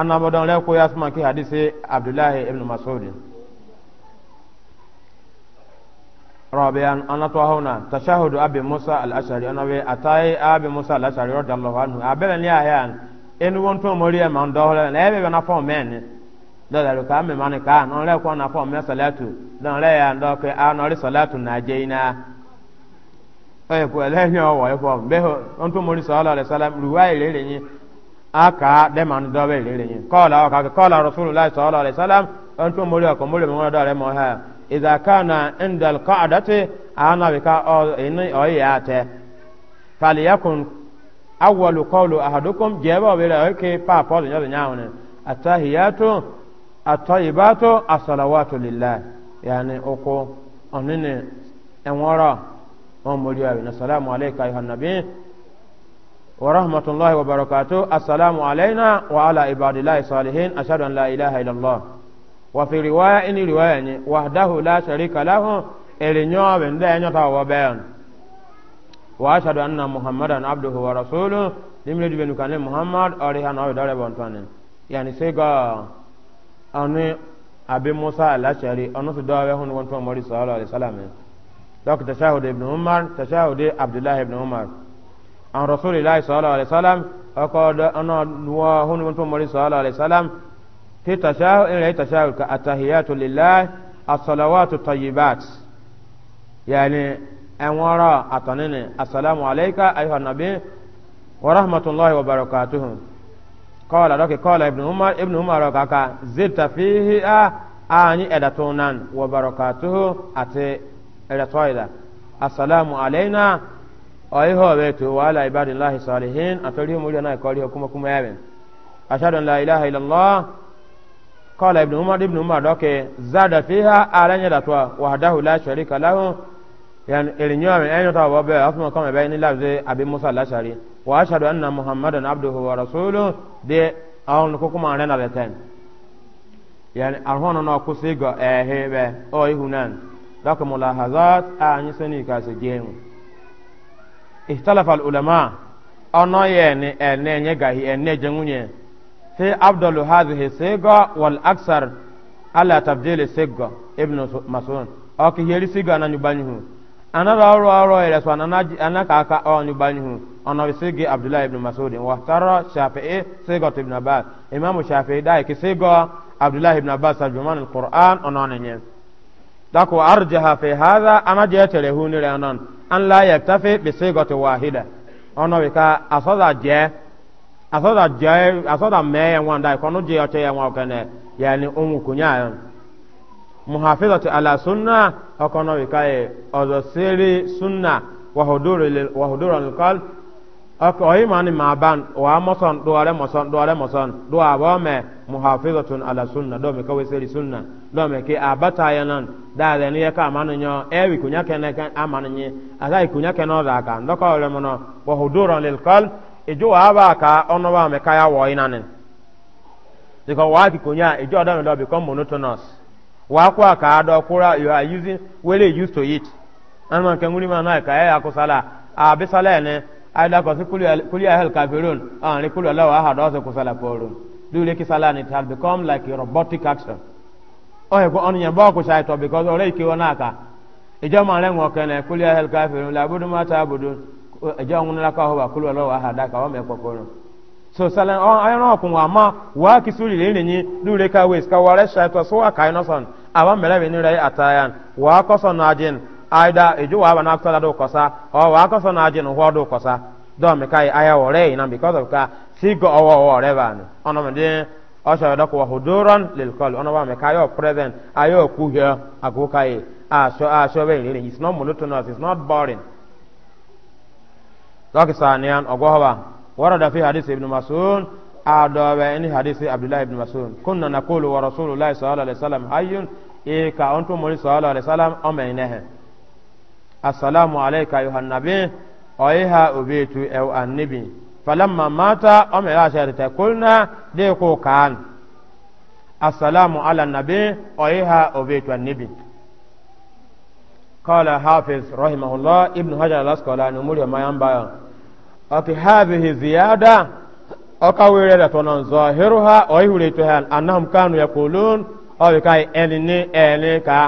ana madan la ko yasma ki hadisi abdullah ibn mas'ud rabian ana to hauna tashahudu abi musa al-ashari ana we atai abi musa al-ashari radallahu anhu abela ni ayan en won to moriya man dohla na ebe na fo men da da ka me man ka no na fo me salatu dan re ya ndo ke ana ri salatu na jeina ko le fo be on to mori le ni aka dẹ́manu dọ́wẹ́ ìrere yẹn kọ́ọ̀lá ọkà kọ́ọ̀lá rasulillah sọ́ọ́lá ọ̀rẹ́ sálám ọ̀n tó mórí ọkọ̀ mórí mọ́ dọ́rẹ́ mọ́ ha ìzàkánà ndàlkọ́ àdọ́tí àánáwìká ọ̀yẹ́ àtẹ fàlìyàkùn awọlù kọ́ọ̀lù àhàdókòm jẹ́bọ̀ wẹ̀rẹ̀ ọ̀kẹ́ pàpọ̀ lìyàwó àtàhìyàtò àtọ̀yìbàtò àsọ̀làwàtò lìlá yàní ya ọ̀nínì ورحمة الله وبركاته السلام علينا وعلى عباد الله الصالحين أشهد أن لا إله إلا الله وفي رواية إن رواية وحده لا شريك له إلينيو بن دينيو وبيان وأشهد أن محمدا عبده ورسوله لمريد بن كان محمد أريها نوي دار بنتان يعني سيغا أني أبي موسى الأشعري أنو سدوا هون وانتو مولى صلى الله عليه السلام دكتور شاهد ابن عمر تشاهد عبد الله ابن عمر an rasulillahi sallallahu alaihi wasallam oko da ana nuwa hun mutum mari sallallahu alaihi wasallam fi tashahu in rai tashahu ka atahiyatu lillahi as-salawatu tayyibat yani an wara atanene assalamu alayka ayuha nabi wa rahmatullahi wa barakatuh qala laki qala ibn umar ibn umar kaka zidta fihi a ani edatunan wa barakatuh ate edatoida assalamu alayna أيها بيت وعلى عباد الله الصالحين أتريهم ولينا يقولي حكم حكم يابن أشهد أن لا إله إلا الله قال ابن عمر ابن عمر دوك زاد فيها أعلن دتوا وحده لا شريك له يعني النيوم أين توا بابا أسمع كم بين الله زي أبي موسى الأشعري وأشهد أن محمدا عبده ورسوله دي أهل كوكم أنا بتن يعني أهون أنا كوسيجا إيه به أو يهونان دوك ملاحظات أعني سني كاسجيمو اختلف العلماء أنا يعني أنا نجاهي أن جنوني في أفضل هذه الصيغة والأكثر على تبديل الصيغة ابن مسعود أوكي هي الصيغة أنا نبانيه أنا رأى أرى أرى إلى سوان أنا أنا كاكا أو نبانيه أنا بصيغة عبد الله بن مسعود واختار شافعي صيغة ابن عباس إمام الشافعي دايك صيغة عبد الله بن عباس ترجمان القرآن أنا نجيه دكو أرجح في هذا أنا جيت لهون لأنان an la yaktafi bi sigati wahida ono bi ka asoda je asoda je asoda me ya wanda ko no je o che ye wa kene yani umu kunya yon muhafizatu ala sunna o ko no bi ka e ozo siri sunna wa hudurul wa qalb ok oyi mani ma ban wa moson duware moson duware moson duwa ba me muhafizatun ala sunna do me sunna do me ke abata yanan da ya ka manu nyo e kunya ke ne kan amanu nyi ka ole mono wa lil ijo ka ono me kaya wo inanin diko wa ki kunya ka do kura you are using well used to it na ka e ayda ko kuli ya hal kafirun ah ni kuli Allah ahad kwụsala ko sala poru do le ki sala ni tal become like a robotic action oh e ko on yan ba sai to because ore ki wona ka ijo ma ren wo kan kuli ya hal kafirun la budu ma ta budu ijo ngun la ka ho ba kuli ka wa me so sala on ayo no kun wa ma wa ki suri le ni ka wes ka wa re sai to so wa kai no son awa mele be ni re atayan wa ko son ajin aida eju wa bana kala do kosa o wa kosa na ajin ho do kosa do mi kai aya wore ina because of ka sigo owo wore ba ni ono me de o so do ko huduran lil qal ono ba me kai o present ayo ku here ago kai a so a so be ni it's not monotonous it's not boring doki sanian ogo hoba warada fi hadith ibn mas'ud adobe ini hadisi abdullahi ibn mas'ud kunna naqulu wa rasulullahi sallallahu alaihi wasallam hayyun e ka onto mori sallallahu alaihi wasallam o assalamu alayka ayuha nabi oyiha obetu ew annabi falamma mata o mera sharita kulna de ko kan assalamu ala nabi oyiha obetu annabi قال حافظ رحمه الله ابن حجر الاسقلاني مريم ما ينبغي أوكي هذه زيادة ọkawere da tonon zahiru ha o ihure to han annahum kanu yaqulun aw kai elini elika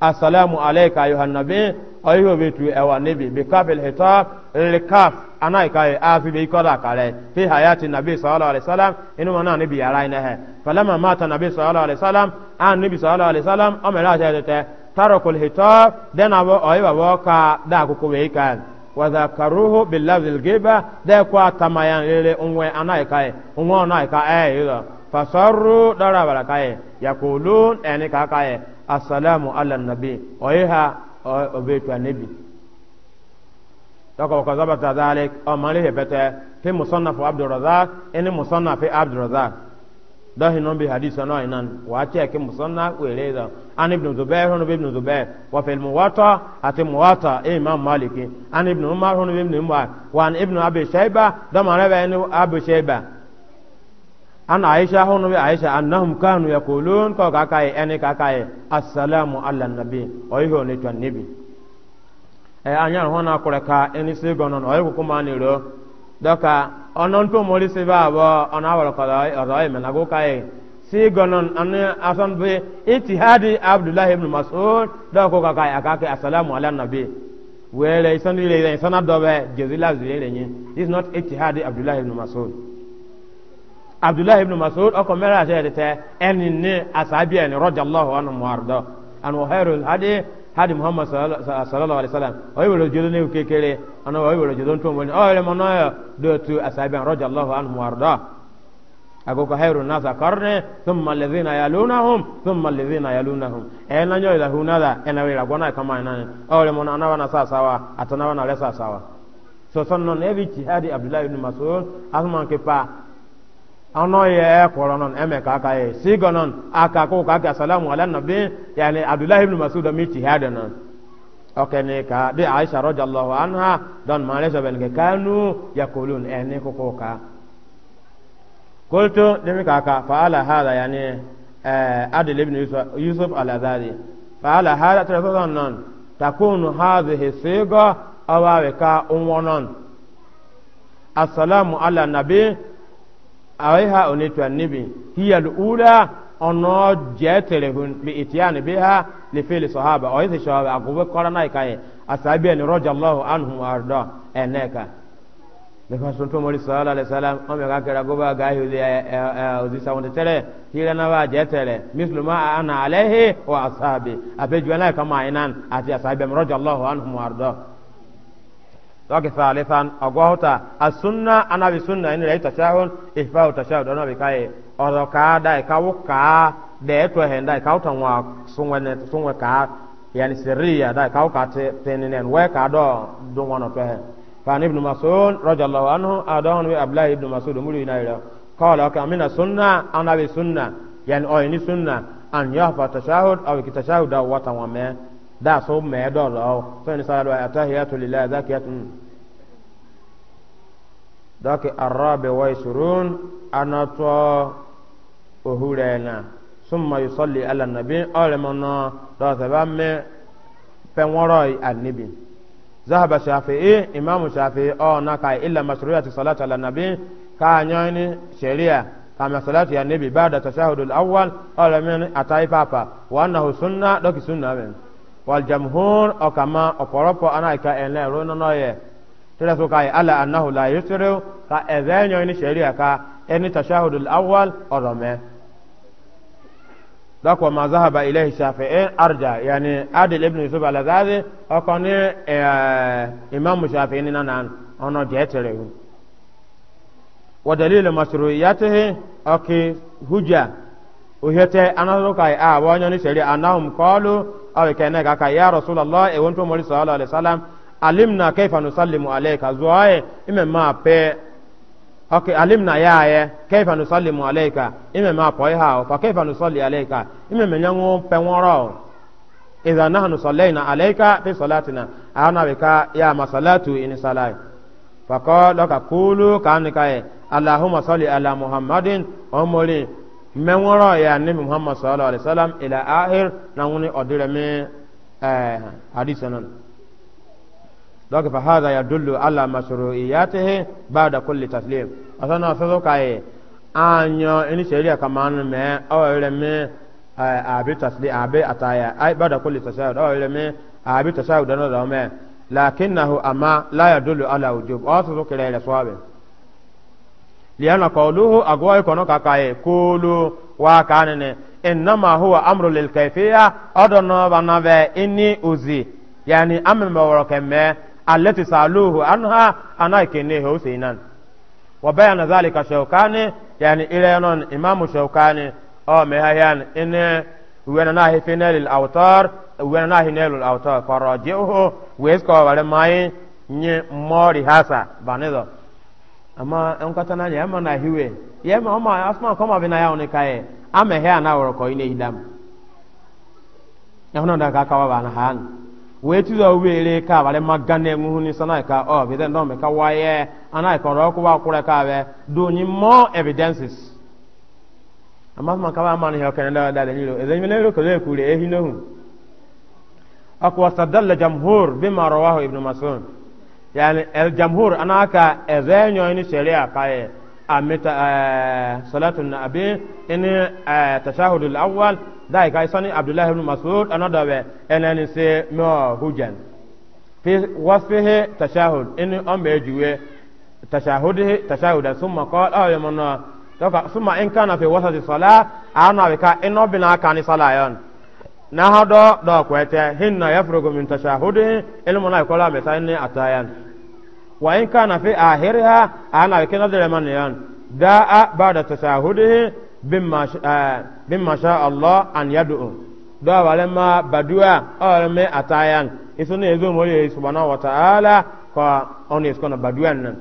assalamu alayka ayuha nabi oyo betu ewa nebi bi kabil hitab lil kaf ana kai afi bi kola kare fi hayati nabi sallallahu alaihi wasallam inu mana nabi yara ina he falama mata nabi sallallahu alaihi wasallam an nabi sallallahu alaihi wasallam amara shayata tarakul hitab dan abo oyo babo ka da ku ko kan wadhakaruhu bilafdhi lgiba de kwa tamayan lele unwe anaikaye unwe anaika eh ilo fasaru darabala kaye yakulun eni kakaye assalamu ala nabi oyiha obetu anabi dɔkɔ wakɔ zabata dalik ɔmali hebɛtɛ fi musannafu abdurazak ɛni musannafi abdurazak dɔhi nɔn bi hadisa nɔ inan waa cɛ ki musannaf wele zan ani ibnu zubair hɔn bi ibnu zubair wafil muwata ati muwata e imam maliki ani ibnu umar hɔn bi ibnu umar wa ani ibnu abi shaiba dɔmɔ ne bɛ ni abi shaiba ana aisha hono be aisha annahum kanu yaqulun ko ka kai ene ka kai assalamu ala nabi o yi hono to nabi e anya na akore ka ene se gono o yi ko ma ni ro doka onon to mori se ba bo ona wala ko o yi me na go kai se gono an asan be itihadi abdullah ibn mas'ud do ko ka kai akake assalamu ala nabi wele isanu ile isanu dobe jezila zile nyi is not itihadi abdullah ibn mas'ud abdullahi ibn mas'ud ọkọ mẹrẹ àti ẹdí tẹ ẹni ní asaabi ẹni rọjà allahu anu muhardo and wàhẹrù hadi hadi muhammad sallallahu alayhi wa sallam ọyọ ìwòrò jòló ní kékeré ọnà ọyọ ìwòrò jòló tó mọ ní ọyọ ìrẹmọ náà yọ dóòtú asaabi ẹni rọjà allahu anu muhardo agogo hẹrù náà sàkọrọ tó mọ lẹbi náà yà lónà hum tó mọ lẹbi náà yà lónà hum ẹn náà yọ ìlàhùn náà dà ẹn náà ìràgbọ́n náà kàmá ẹ̀ náà ọyọ ìrẹmọ náà anáwó náà sàsáwà àtànáwó náà rẹ sàsáwà sọsọ nọ n'ebi jihadi abdullahi ibn mas'ud asuman kepa ano ye kɔrɔ nɔn ɛmɛ k'aka ye siga nɔn aka ko k'a kɛ salamu ala nabi yani abdullahi ibn masud mi ti hɛ dɛnɛ ne ka de aisha rɔjallahu anha don maa ne sɔbɛn kɛ kanu yakolon ɛ ne ko k'o ka kolto demi k'a ka fa ala hala yani ɛɛ eh, adele ibn yusuf alazari fa ala hala tɛrɛ sɔsɔ nɔn takunu hazihi siga awa ka ŋwɔ nɔn asalamu ala nabi awaiha onetwa nibi hiya lula ono jetere hun bi itiyani biha li fili sahaba o yisi shawaba agube korana ikaye asabi en radiyallahu anhum arda eneka because sun tumori sallallahu alaihi wasallam o me kakira goba ga yuzi uzi eh, eh, sawon tere hira na ba jetere mislu ma ana alaihi wa ashabi abejuana kama inan ati asabi en radiyallahu anhum arda doki salisan ogohota asunna anabi sunna ini rai tashahun ihfau tashahud ona bi kai oro ka da ka wuka da eto henda ka utan wa sunwe ne sunwe ka yani sirriya da ka uka teninen we ka do don wono to he fan ibn mas'ud radiyallahu anhu adahun bi abla ibn mas'ud muri ina ira qala ka amina sunna anabi sunna yani o ini sunna an yahfa tashahud aw kitashahud wa tamame da so me do lo so ni salatu atahiyatu lillahi zakiyatun dak arabi wa yusrun anato ohurena summa yusalli ala nabi almana da tabamme penworoi annabi ذهب الشافعي امام الشافعي او نكا الا مشروعيه الصلاه على النبي كان شريعه kama salati ya nabi baada tashahudul awwal qala min atai papa wa annahu sunna doki sunna men waljamhur okama oporopo anaika enle rono noye tira so kai ala annahu la yusru ka ezenyo ni sheria ka eni tashahudul awwal odome dakwa ma zahaba shafi shafi'i arja yani adil ibn yusuf al-azazi okoni e, imam shafi'i ni nanan ono jetere wa dalil mashru'iyatihi oki hujja uhete anazo kai a wonyo ni sheria anahum qalu awe kene ga ka ya rasulullah e wonto mori sallallahu alaihi wasallam alimna kaifa nusallimu alayka zuwaye ime ma pe okay alimna ya ye kaifa nusallimu alayka ime ma po ha fa kaifa nusalli alayka ime me nyango pe wonro idha nahnu sallaina alayka fi salatina ana be ya masalatu in salai fa qala ka kulu kan kai allahumma salli ala muhammadin umri mɛŋɔrɔ ya nabi muhammad sallallahu alaihi wasallam ila ahir na ŋuni ɔdire mi ɛɛ eh, hadisa nan donc fa hada ya dullu ala masruiyatihi ba'da kulli taslim asana soso kai anyo ini sheria kama nan me awere mi ɛɛ eh, abi tasli abi ataya ai ba'da kulli tasawud awere mi abi tasawud na da me lakinnahu ama la ya dullu ala wujub ɔsoso kire ile swabe liana qawluhu agwa kono kakaye kulu wa kanene innama huwa amru lil kayfiya adono banabe inni uzi yani amma warakame allati saluhu anha anakene husainan wa bayana zalika shawkani yani ilayanon imamu shawkani o mehayan inne wena na hifina lil awtar wena na hifina lil awtar farajihu wa isko wale mai nye mori hasa banizo ama nkata na ya ma na hiwe ya ma ma asma ko ma bina ya oni kai ame he ana woro ko ine idam ya hono da ka ka wa na han we ti do we re ka bare magane mu ni sana ka o oh, bi den do me ka wa ye ana ko ro ko wa kure ka be do ni more evidences ama ma ka ba ma ni ho kan da da ni lo e ni lo ko le ku re e hi no hu akwa sadalla jamhur bima rawahu ibn mas'ud yani el jamhur anaka ezenyo ni sheria kaye amita uh, eh, salatu nabi ini uh, eh, tashahud al-awwal dai kai sani abdullah ibn mas'ud anadawe enani se mo hujan fi wasfihi tashahud ini ombe juwe tashahudihi tashahudan summa qala aw yamana summa in kana fi wasati salah ana wika inobina kani salayon nahado do kwete hinna yafrugu min tashahudi ilmu na kola meta ni atayan wa in kana fi ahiriha ana kina dele man yan da'a ba'da tashahudi bimma eh, bimma sha Allah an yad'u do wale ma badua o me atayan isu ne zo mo ye subhanahu wa ta'ala ko on is kona baduan nan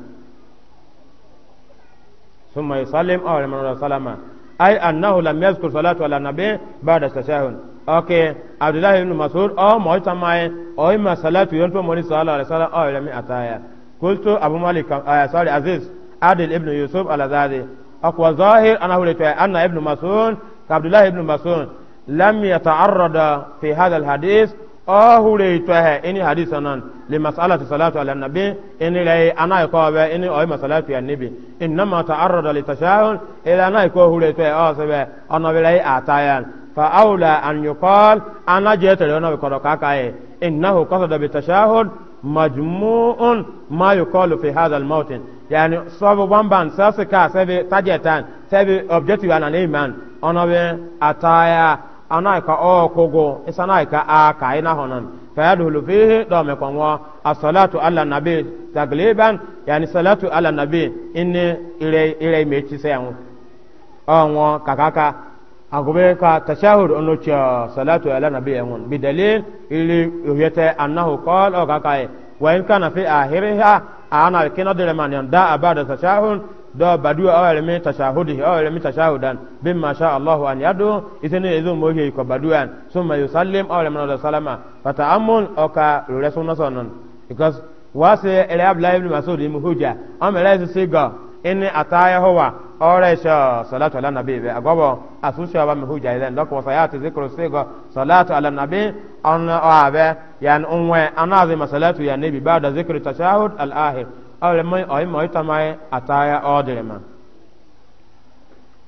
summa yusallim aw man salama ay annahu lam yazkur salatu ala nabi ba'da tashahudi oke abdullahi ibn masud o mo tamaye o ma salatu yon to mori sallallahu alaihi wasallam o remi ataya qultu abu malik uh, sorry aziz adil ibn yusuf al-azadi akwa zahir ana hulatu anna ibn masud abdullahi ibn masud lam yata'arrada fi hadha al-hadith ahure itohe ini hadisa nan li mas'alati salatu ala nabi ini lai ana ko be ini o masalatu ya nabi inma ta'arrada li tashahhud ila ana ko hure itohe o sebe ona be lai atayan فأولى أن يقال أنا جئت لنا بكركاك إنه قصد بالتشهد مجموع ما يقال في هذا الموطن يعني صابو بامبان ساسكا سبي تاجتان سبي objective أنا نيمان أنا بين أتايا أنا كا أو كوغو إسانا كا آكا إنا هونان فيدخل فيه دوم كونوا الصلاة على النبي تقليبا يعني صلاة على النبي إني إلي إلي ميتي سيامو أو كاكاكا agobe ka tashahud ono cha salatu ala nabi yamun bidalil ili yata annahu qala o kaka wa in kana fi ahiriha ana kina dere man yan da abada tashahud do badu o awal mi tashahudi awal mi tashahudan bimma sha Allah an yadu itene izo mohi ko baduan summa yusallim awal man salama fata'ammun o ka rasulna sonon because wase ele abla ibn masud imuhuja amela izo siga ini ataya huwa ore sha salatu ala nabi be agobo asusha ba mihu jailen lok wa sayati zikru sigo salatu ala nabi on abe yan unwe anazi masalatu ya nabi ba'da zikri tashahud al ahir awle mai oy moy tamay ataya odrema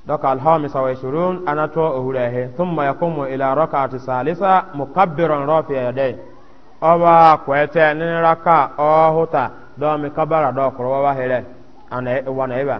دوك الخامسة والعشرون أنا تو أهله ثم يقوم إلى ركعة الثالثة مكبرا رافع يديه أبا كويتين ركع أو هتا دومي kabara دوك روا هيله wanaiba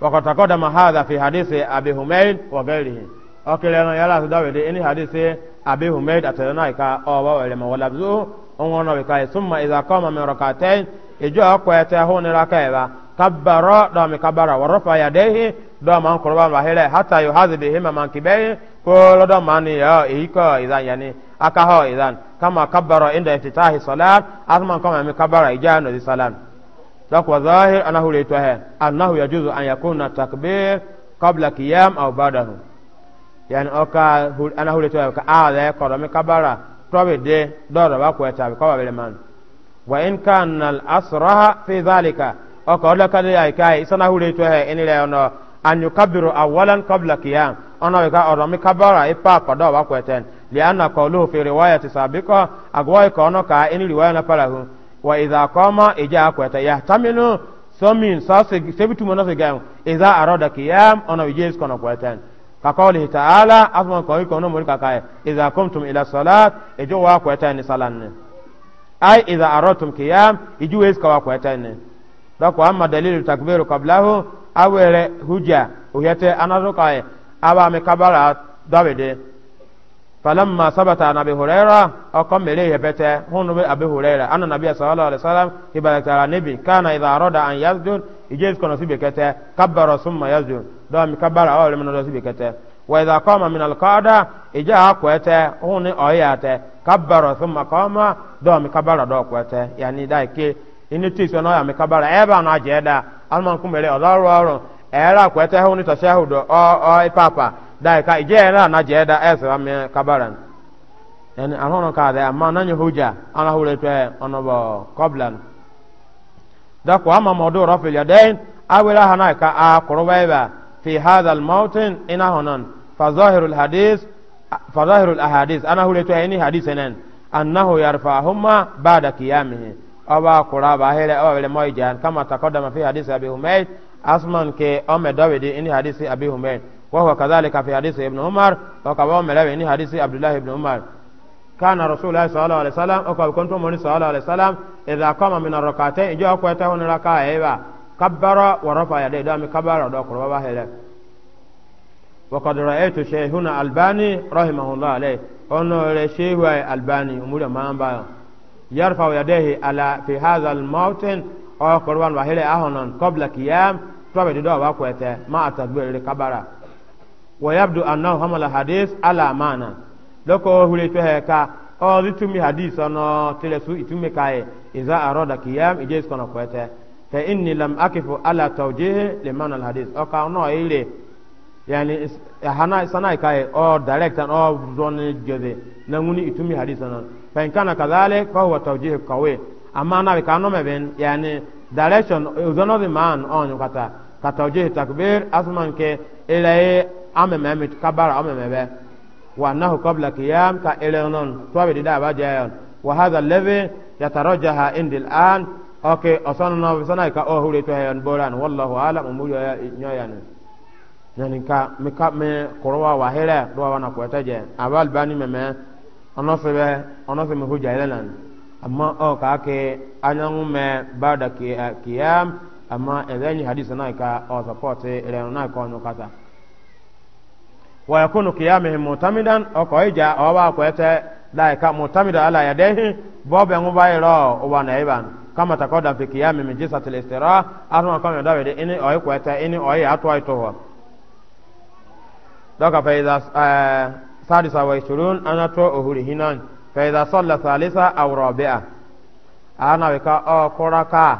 وقد تقدم هذا في حديث أبي حميد وغيره أكلنا يلا سداوي إن حديث أبي حميد أتلنا إكا أو ولما ولبزوه أنغنا بكا ثم إذا قام من ركعتين إجو أقوى هون ركعة كبر دام كبر ورفع يديه دام أن قربان بهلا حتى يحاذ بهما من كبيه كل دام أن يا إيكا إذا يعني أكاه إذا كما كبر عند افتتاح الصلاة أثم كما كبر إجانو الصلاة ذاك وظاهر أنه ليتوهن أنه يجوز أن يكون تكبير قبل قيام أو بعده يعني أوكا أنه ليتوهن كآذى قرم كبارا طبي دي دور باكو يتابي قوة بالمان وإن كان الأسرها في ذلك أوكا أولا كده يأيكاي إسانه ليتوهن إني لأنه أن يكبر أولا قبل قيام أنا بكا أرمي كبارا إبا قدوا باكو يتن لأن قوله في رواية سابقة أقوى كونو كا إني رواية نفره wa idha qama ija ya tamino, somin sase sebitu mona se gayo Iza arada kiyam, ona wijes kono kwatan ka qawli ta'ala afman ko ko no mulka kay idha qumtum ila salat ijo wa kwatan salan ay iza aratum kiyam, ijo wes ka wa kwatan da ko amma dalilu takbiru qablahu awere hujja uyate anazo kay aba me kabara dawede فلما ثبت عن ابي هريره اقام اليه بيته هون ابي هريره ان النبي صلى الله عليه وسلم يبارك على النبي كان اذا اراد ان يسجد يجلس كنا في بكته كبر ثم يسجد دوم كبر اول من في واذا قام من القعده اجا كوته هون اوياته كبر ثم قام دوم كبر دو كوته يعني دايك ini ti sọ náà yàmi kabara ẹ bá náà jẹ ẹ dá alimọ nkúmẹrẹ ọdọ ọrọ ọrọ ẹ rà kọtẹ hó ní tọṣẹ hó dọ ọ ọ ipapa dai ka ije na na je da esra me kabaran yani ahono ka da amma nanya huja ana hure pe ono bo qablan da ko amma modu rafil yadain awira hana ka a kurwaiba fi hadha al mawtin ina honan fa zahirul hadith fa zahirul ahadith ana hure to yani hadith enen annahu yarfa'uhuma ba'da qiyamihi aba kuraba hele awele moijan kama taqaddama fi hadith abi humayd asman ke ome dawidi ini hadisi abi humayd وهو كذلك في حديث ابن عمر وكما في حديث عبد الله بن عمر كان رسول الله صلى الله عليه وسلم وقال كنت من صلى الله عليه وسلم إذا قام من الركعتين جاء قوته ركعة ايوا كبر ورفع يديه دام كبر ودكر هله وقد رأيت شيخنا الباني رحمه الله عليه أنه الشيخ الباني أمور ما با يرفع يديه على في هذا الموطن أو قربان وهله أهنا قبل قيام طبعا دوا وقوته ما أتكبر الكبره ويبدو أنه حمل الحديث على معنى لكو هلتوها كا أوزي تومي حديث أنا تلسو إتومي كاي إذا أراد قيام إجيز كنا كويته فإني لم أكف على توجيه لمعنى الحديث أو كأنه إلي yani hana sana kai o direct and o zone jode na nguni itumi hadisa na fa in kana kadhalik fa huwa tawjih qawi amma na ka no meben yani direction uzono the man on kata ka tawjih takbir asman ke ilaye ameme mi kabara ameme bɛ wa anahu kɔbla kiyam ka ele non tɔbi dida a ba jɛ yɔn wa hada levi yataro jaha indil an ok ɔsɔn nɔ sɔnna ka o hure tɔ yɔn boran wallahu ala mu yɔ yɔn yani ka mi ka mi kɔrɔba wa hɛrɛ dɔw b'a na kɔɛtɛ jɛ a b'a libani mɛmɛ ɔnɔ sɛbɛ ɔnɔ mi hu jɛ nan amma ɔ k'a kɛ an mɛ ba kiyam amma ɛdɛ ni hadisa n'a ka ɔ sɔpɔti ɛrɛ n'a ye kɔ ويكون قيامهم معتمدا أقويجا أو أقويتا لايكا معتمدا على يديه بوب مبايرا وانا ايبان كما تقدم في قيام من جسة الاستراء أثناء كما داود إني أوي كويتا إني أوي أتواي توه دوكا فإذا سادسة وعشرون أنا تو أهولي هنان فإذا صلى ثالثة أو رابعة أنا بكا أو كوراكا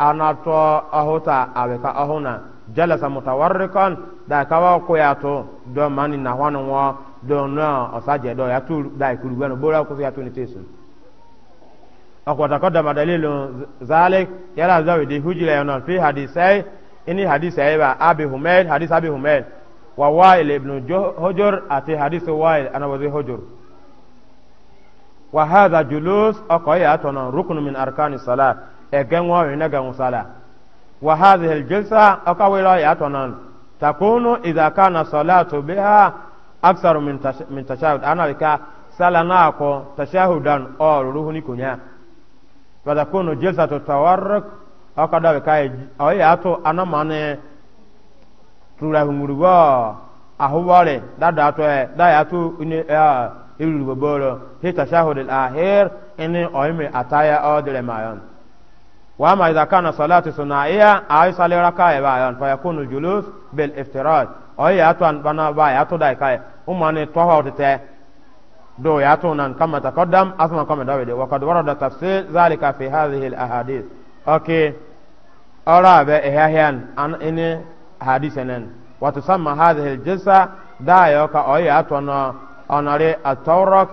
أنا تو أهوتا أبكا أهونا jalasa mutawarrikan da kawa ko ya to do mani na wanu wa do na osaje do ya tu da ikuru gano bora ko ya to ni tesu akwa taqaddama dalilu zalik yala zawi di hujila yana fi hadisai ini hadisai ba abi humayd hadis abi humayd wa wa'il ibn hujur ati hadis wa'il ana wazi hujur wa hadha julus akoya to na ruknu min arkani salat egen wa ina ga musala وهذه الجلسة أقوى يا تنان تكون إذا كان صلاة بها أكثر من تش... من تشهد أنا لك سلناكو تشهدا أو روحني كنيا فتكون جلسة التورك أقدر لك أو يا تو أنا ماني tura humuruwa ahuwale dada to e da ya tu ini e ilu gbogbo lo hita shahudil ahir ini oime ataya odire mayon وأما إذا كان صلاة ثنائيه أي صلاة ركعة بأيان يعني فيكون الجلوس بالافتراض او أي أتوان بنا با يا تو داي كاي هم أن يتوهو تتاه دو يأتون كما تقدم أثناء كما داود وقد ورد تفسير ذلك في هذه الأحاديث أوكي ارا به بإهيان أن ان حديثن وتسمى هذه الجلسة دا دايوكا أي أتوان أنري التورق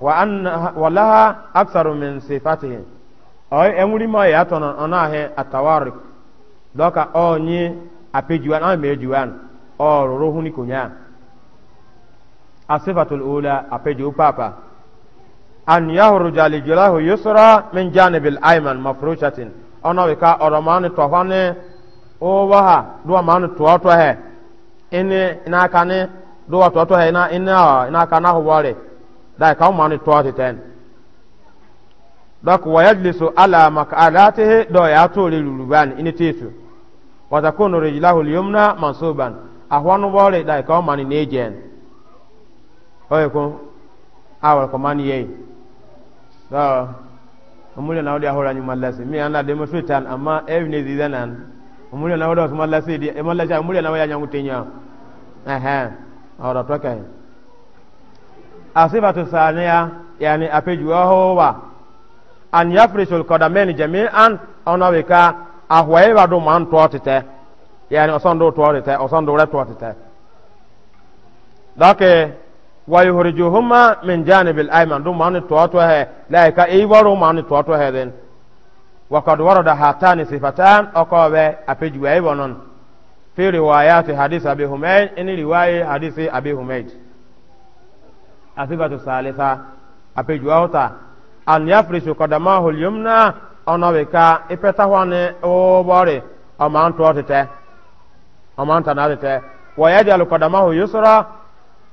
وأن ولها أكثر من صفاته oy enwuri ma ya tono ona he atawarik doka onye apejuan ama mejuan o ruru huni kunya asifatul ula apeju papa an yahruja yusra min janibil ayman mafrushatin ona wika oromani tohane o waha duwa manu tuwato he ini ina kane ka dɔk wayajlisu ala makalatihi dɔ ya to le luluban ini tetu watakunu rijlahu lyumna mansuban ahwanu bɔre da ka o mani nejen oye ko awal ko mani yei dɔ umule na wadi ahora nyuma lasi mi anda demo fitan amma evne zidanan umule na wadi osuma lasi di emo lasi umule na wadi anyangu tenya ehe ahora toke asifatu saniya yani apejuwa howa an yafrisul qadamain jami'an ona we ka ahwaye ba do man to tete yani oson do to tete oson do re to tete dake wa yuhrijuhuma min janibil ayman do man to to he la ka e waro man to to he den wa qad warada hatani sifatan okawe apejuwe ibonon fi riwayati hadith abi humayd in riwayi hadith abi humayd asifatu salisa apejuwa an yafrisu qadamahu al-yumna ona be ka ipeta hwane o bore o man to tete o man ta tete wa yaj'alu qadamahu yusra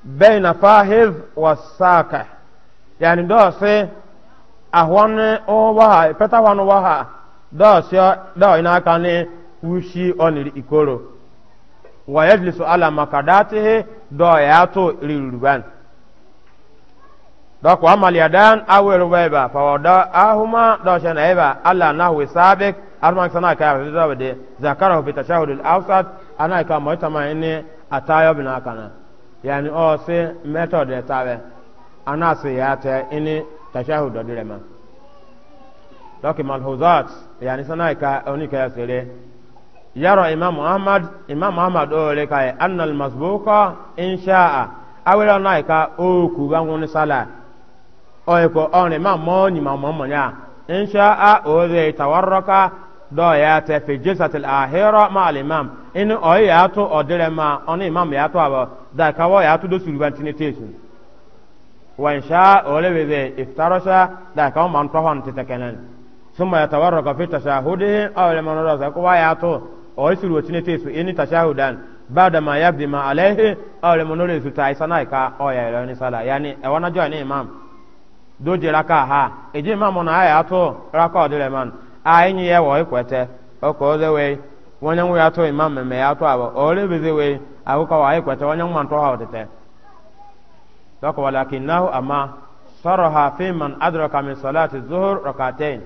baina fahiz was-saqah yani do se ahwane o wa ipeta hwane wa ha do se do ina ka ni ushi oniri ikoro wa yajlisu ala makadatihi do ya to riruban dɔk wa mal yadan awel wɛba fa wa da ahuma dɔsha na eba alla nahwi sabik arma sana ka ya da de zakarahu bi tashahud al awsat ana ka mo tama ine atayo bina kana yani o se method e tawe ana se ya ta ine tashahud do dire ma dɔk malhuzat yani sana ka oni ka ya yaro imam Muhammad, imam Muhammad o le ka anna al masbuqa insha'a awela na ka o ku gangun sala oye ko one ma mo ni ma mo mo nya insha a o de tawarraka do ya ta fi jilsatil ahira ma al imam in oye ya to ma oni imam ya to abo da ya to do suru tini tesu wa insha ole be be iftarasha da ka ma to hon titakenen summa yatawarraka fi tashahudihi aw liman raza ko ya to oye suru tini tesu ini tashahudan baada ma yabdi ma alayhi aw liman raza ta isana ka oya ni sala yani e wana jo ni imam doje raka ha eji mamụ na aya atụ raka ọdịrị anyị ya wọ ikweta, ọka oze wee onye nwe ya atụ ima mmemme ya atụ abụ ole bezi wee ahụkọwa ikwete e onye nwa ntụ ha ọtịtị dọkọwala n'ahụ ama sọrọ ha fiman adrọka min salati zuhur rakatain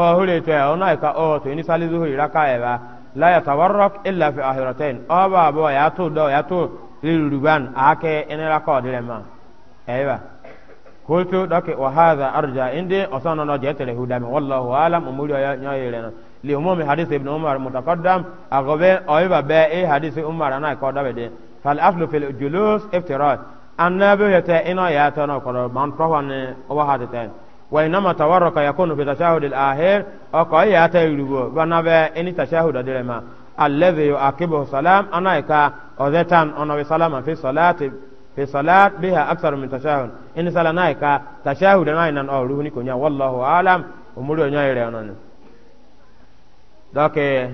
o hụrụ etu ya ọnụ aịka o otu inisali zuhur raka ebe la ya tawarrok illa fi ahiratain ọ bụ abụọ ya atụ dọ ya atụ riruruban aka ịnị raka ọdịrị man kultu dake wa hadha arja indi osana no jetere hudami wallahu alam umuri ya na li umumi hadith ibn umar mutaqaddam agobe oiba be e hadith umar na ko dabede fal aflu fil julus iftira annabi yata ina ya ta na ko man prohan wa hadita wa inama tawarraka yakunu fi tashahud al akhir o ko ya ta irugo bana be ini tashahud adirema alladhi yuaqibu salam anaika odetan onawi salama fi salati fi salat biha akthar min tashahud in sala nay ka tashahud nay nan o ruhuni ko nya wallahu alam umuri o nya ire onon dake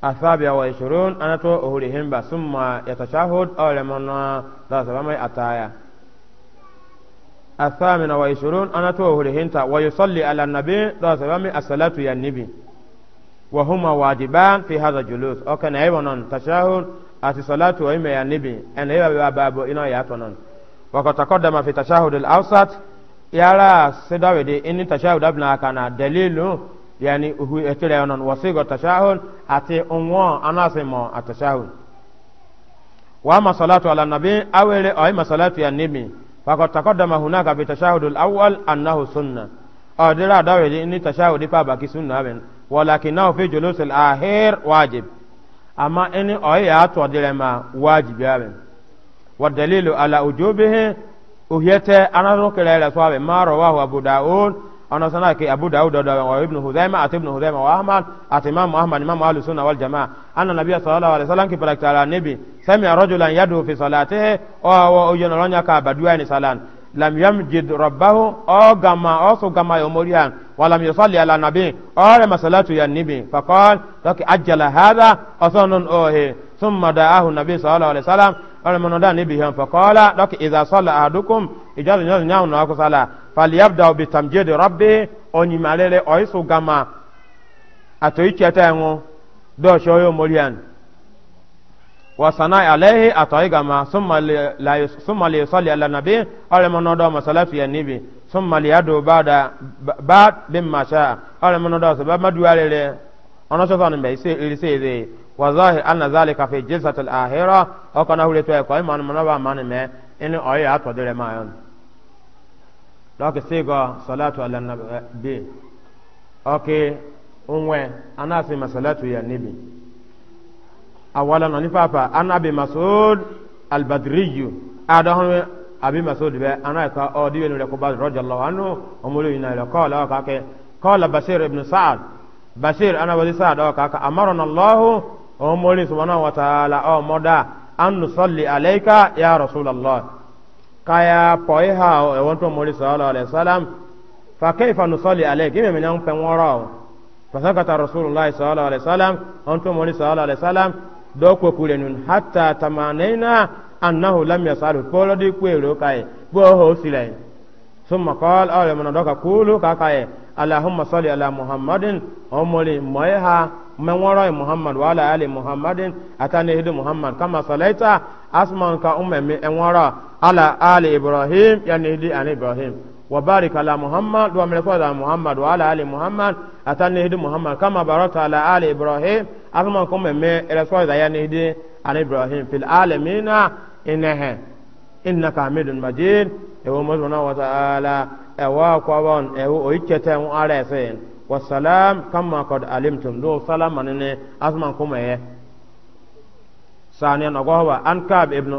asabi wa 20 anato ohuri himba summa yatashahud aw lamana da sabama ataya الثامن وعشرون أنا توهر هنتا ويصلي على النبي دا سبامي الصلاة يا النبي وهما واجبان في هذا الجلوس أو كان أيضا تشاهد ati salatu wa ya nibi ene ya ba babo ina ya tonon wa ko taqaddama fi al-awsat yara sidawe de in tashahhud abna kana dalilu yani hu etire onon wasigo tashahhud ati onwo anasimo atashahhud wa ma salatu ala nabi awele ay ma salatu ya nibi fa ko taqaddama hunaka fi tashahhud al-awwal annahu sunna adira dawe de in tashahhud baki sunna ben walakinahu fi julus al-akhir wajib amma ini oyi ya to dire ma wajibi abe wa dalilu ala ujubihi uhiyete anaro kelele so abe ma rawahu abu daud ana sana ke abu daud da wa ibnu huzaima at ibnu huzaima wa ahmad at imam ahmad imam ahlus sunna wal jamaa anna nabiyya sallallahu alaihi wasallam ki barakta ala nabi sami rajulan yadu fi salatihi wa wa ujunonya ka badua ni salan lam yamjid rabbahu o gama o su gama ya umuri han wa lam yusalli ala nabi o re masalatu ya nabi fa qal laki ajjala hadha asanun ohe thumma da'ahu nabi sallallahu alaihi wasallam ala man da nabi han fa qala laki idha salla ahadukum ijal nyal nyaw na ko sala falyabda bi tamjid rabbi oni malele o su gama atoyi cheta ngo do shoyo umuri wasana alaihi atoigama summa li yusalli ala nabi ala manodo masalafi ya nibi summa li yadu bada bad bin masha ala manodo sabab maduwalele ono so sanu be ilise ide wa zahir anna zalika fi jilsati al akhirah o kana hule to ko iman manaba man me ini oyi ato dire ma yon doke sigo salatu ala nabi eh, okay unwe anasi masalatu ya nibi awala nani papa ana abi masud albadriyu ada hanu abi masud be ana ka o diwe ne ko bad radiyallahu anhu umulu ina ila qala ka ke qala bashir ibn sa'ad bashir ana wali sa'ad o ka ka amarna allah umuli subhanahu wa ta'ala o moda an nusalli alayka ya rasulullah kaya poiha e wonto muri sallallahu alaihi wasallam fa kayfa nusalli alayka me menan pen woro fasakata rasulullah sallallahu alaihi wasallam onto muri sallallahu alaihi wasallam dɔkɔ kure hata hatta tamanaina annahu lam yasalu polo di kwero kai bo ho silai summa qala aw lamana doka kulu ka kai allahumma salli ala muhammadin umuli moyha man wara muhammad wa ala ali muhammadin atani hidu muhammad kama salaita asman ka ummi en wara ala ali ibrahim yani hidi an ibrahim وبارك على محمد وامرك على محمد وعلى ال محمد اتني هدي محمد كما باركت على ال ابراهيم اكما كم ما رسول يا نهدي على ابراهيم في العالمين انه انك حميد مجيد ewo mọ́sùlùmọ́ wa ta'ala ẹwà kọwọ́n ẹwọ oyikyẹtẹ ń ara ẹsẹ̀ wasalam kama kod alimtum do salama nini asman kuma yẹ sani nagwawa an kab ibn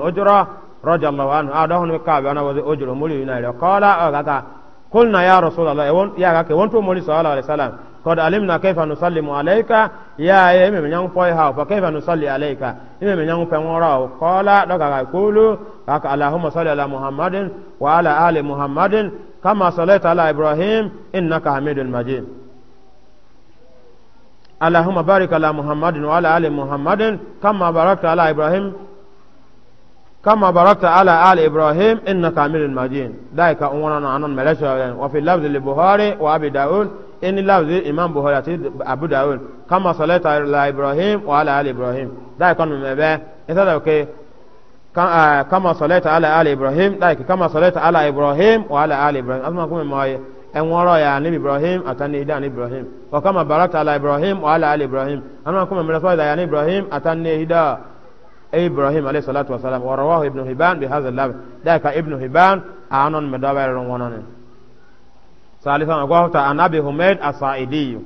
رضي الله عنه أدهن بكعب أنا وذي أجر مولي ينالي قال أغاكا قلنا يا رسول الله يا غاكي وانتو مولي صلى الله عليه وسلم قد علمنا كيف نسلم عليك يا إمي من ينفع هاو فكيف نصلي عليك إمي من ينفع وراو قال لك يقول لك اللهم صل على محمد وعلى آل محمد كما صليت على إبراهيم إنك حميد مجيد اللهم بارك على محمد وعلى آل محمد كما باركت على إبراهيم كما باركت على آل إبراهيم إنك عميل مجيد دايك أمونا أن ملاشا وفي اللفظ لبهاري وأبي داول إن اللفظ إمام بهاري أبو داول كما صليت على إبراهيم وعلى آل إبراهيم دايك أمونا مبا إذا كما صليت على آل إبراهيم دايك كما صليت على إبراهيم وعلى آل إبراهيم أسمع كم معي أن وراء يعني إبراهيم أتاني إدان إبراهيم وكما باركت على إبراهيم وعلى آل إبراهيم أنا أقول من رسول يعني إبراهيم أتاني إدان ibrahim alayhi salatu wa salam wa rawahu ibn hibban bi hadha al-lab daka ibn hibban anon medawar ron wonon salisan ko ta anabi humayd asaidi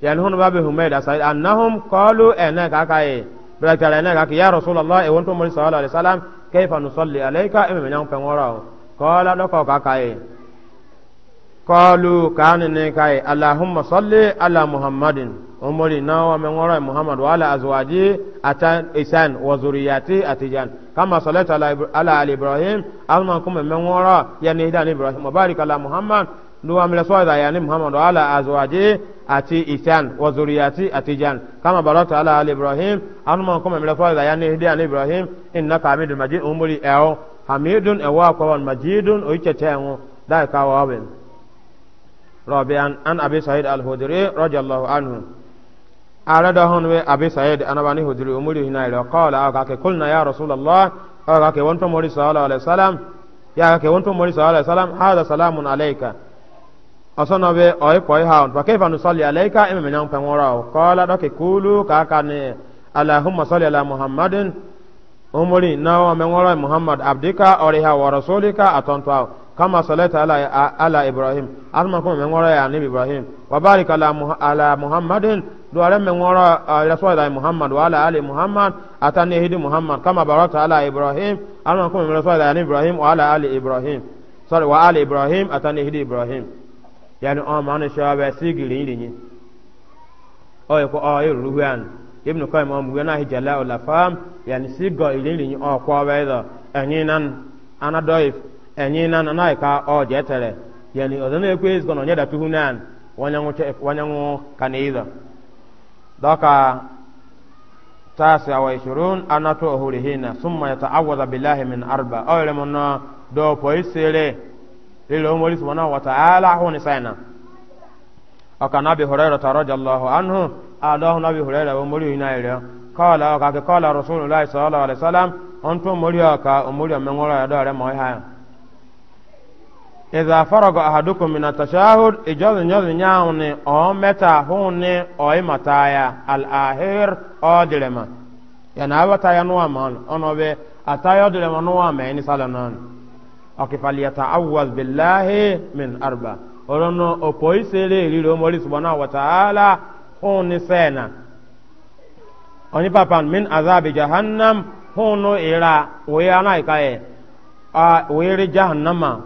yani hun babe humayd asaidi annahum qalu ana eh, kakaye brakal ana kaka ya rasulullah e wonto muri sallallahu alaihi wasallam kayfa nusalli alayka e men yan pengora qala doko kakaye qalu kanne kai e. allahumma salli ala muhammadin umuri nawa mengora muhammad wa ala azwaji atan isan wa zuriyati atijan kama salatu ala, ala ali ibrahim alma kuma mengora yani idan ibrahim wa barik ala muhammad nuwa mle soida yani muhammad wa ala azwaji ati isan wa zuriyati atijan kama barata ala ali ibrahim alma kuma mle soida yani idan ibrahim innaka hamidul majid umuri eo hamidun ewa kwa majidun oichetengu dai kawa wabin رابعا عن ابي سعيد الخدري رضي الله عنه أراد هون أبي سعيد أنا بني هدري أمري هنا إلى قال أكاك قلنا يا رسول الله أكاك وانت مولي صلى الله عليه وسلم يا أكاك وانت مولي صلى الله عليه وسلم هذا سلام عليك أصنع بي أي قوي هاون فكيف نصلي عليك إما من يوم فموراه قال دوك كولو كاكاني اللهم صلي على محمد أمري ناو من وراء محمد عبدك أريها ورسولك أتنتوا kama salaita ala, ala ibrahim asma kuma men wara ya nabi ibrahim wa barik ala, ala muhammadin do ala men wara uh, rasul muhammad wa ala ali muhammad atani hidi muhammad kama barata ala ibrahim asma kuma men rasul ya ibrahim wa ala ali ibrahim sorry wa ala ibrahim atani hidi ibrahim yani o man shabe sigiri ni o ko o ruwan ibn qayyim o mu hijala ul afam yani sigo ilini o ko wa ida aninan ana doif enyi na na ka o je yani ozo na ekwe izgo no nyeda tuhu nan wanyangu che wanyangu kaneiza doka tasi awa ishurun anatu ohurihina summa yata'awwadha billahi min arba awele mona do poisele lilo umwali subhanahu wa ta'ala huni sana aka nabi hurairah radhiyallahu anhu adahu nabi hurairah umwali inaile kala aka kala rasulullah sallallahu alaihi wasallam onto umwali aka umwali amengora ya dare moyo haya إذا فرغ أحدكم من التشهد إجاز نجاز نياوني أو متى هوني أو متايا الآخر أو دلما يعني أبا تايا نوا مان أنا بي أتايا دلما نوا مين سالنان أكي فليتعوذ بالله من أربع ولنو أبوي سيلي ليلو مولي سبحانه وتعالى هوني سينا أني بابان من عذاب جهنم هونو إلى ويانا إكاية ويري جهنم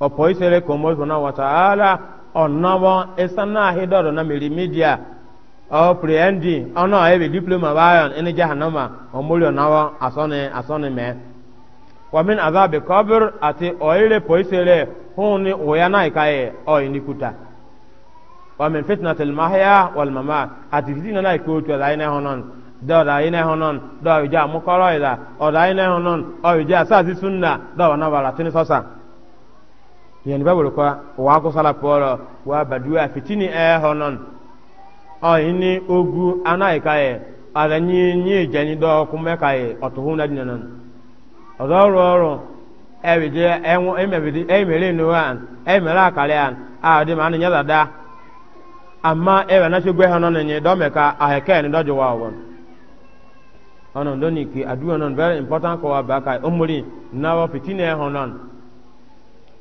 opoisele ko mo subhanahu wa ta'ala onabo esana hidoro na miri media o preendi ono ebe diploma bayon ene jahannama omuli onawo asone asone me wa min azabi qabr ati oile poisele huni oyana ikaye o inikuta wa min fitnati almahya wal mamat ati fitina na ikotu ala ina honon da da ina honon da uja mukoro ila o da ina honon o uja sa sunna da wana bala tin sosa yani babul kwa wa ko wa badua fitini e honon o ini ogu anai kae ala nyi nyi jani do kuma kae otuhuna dinanan e oro e ebide enwo emebide emere no an e an a de amma e na do a do won ki very important ko wa ba na wa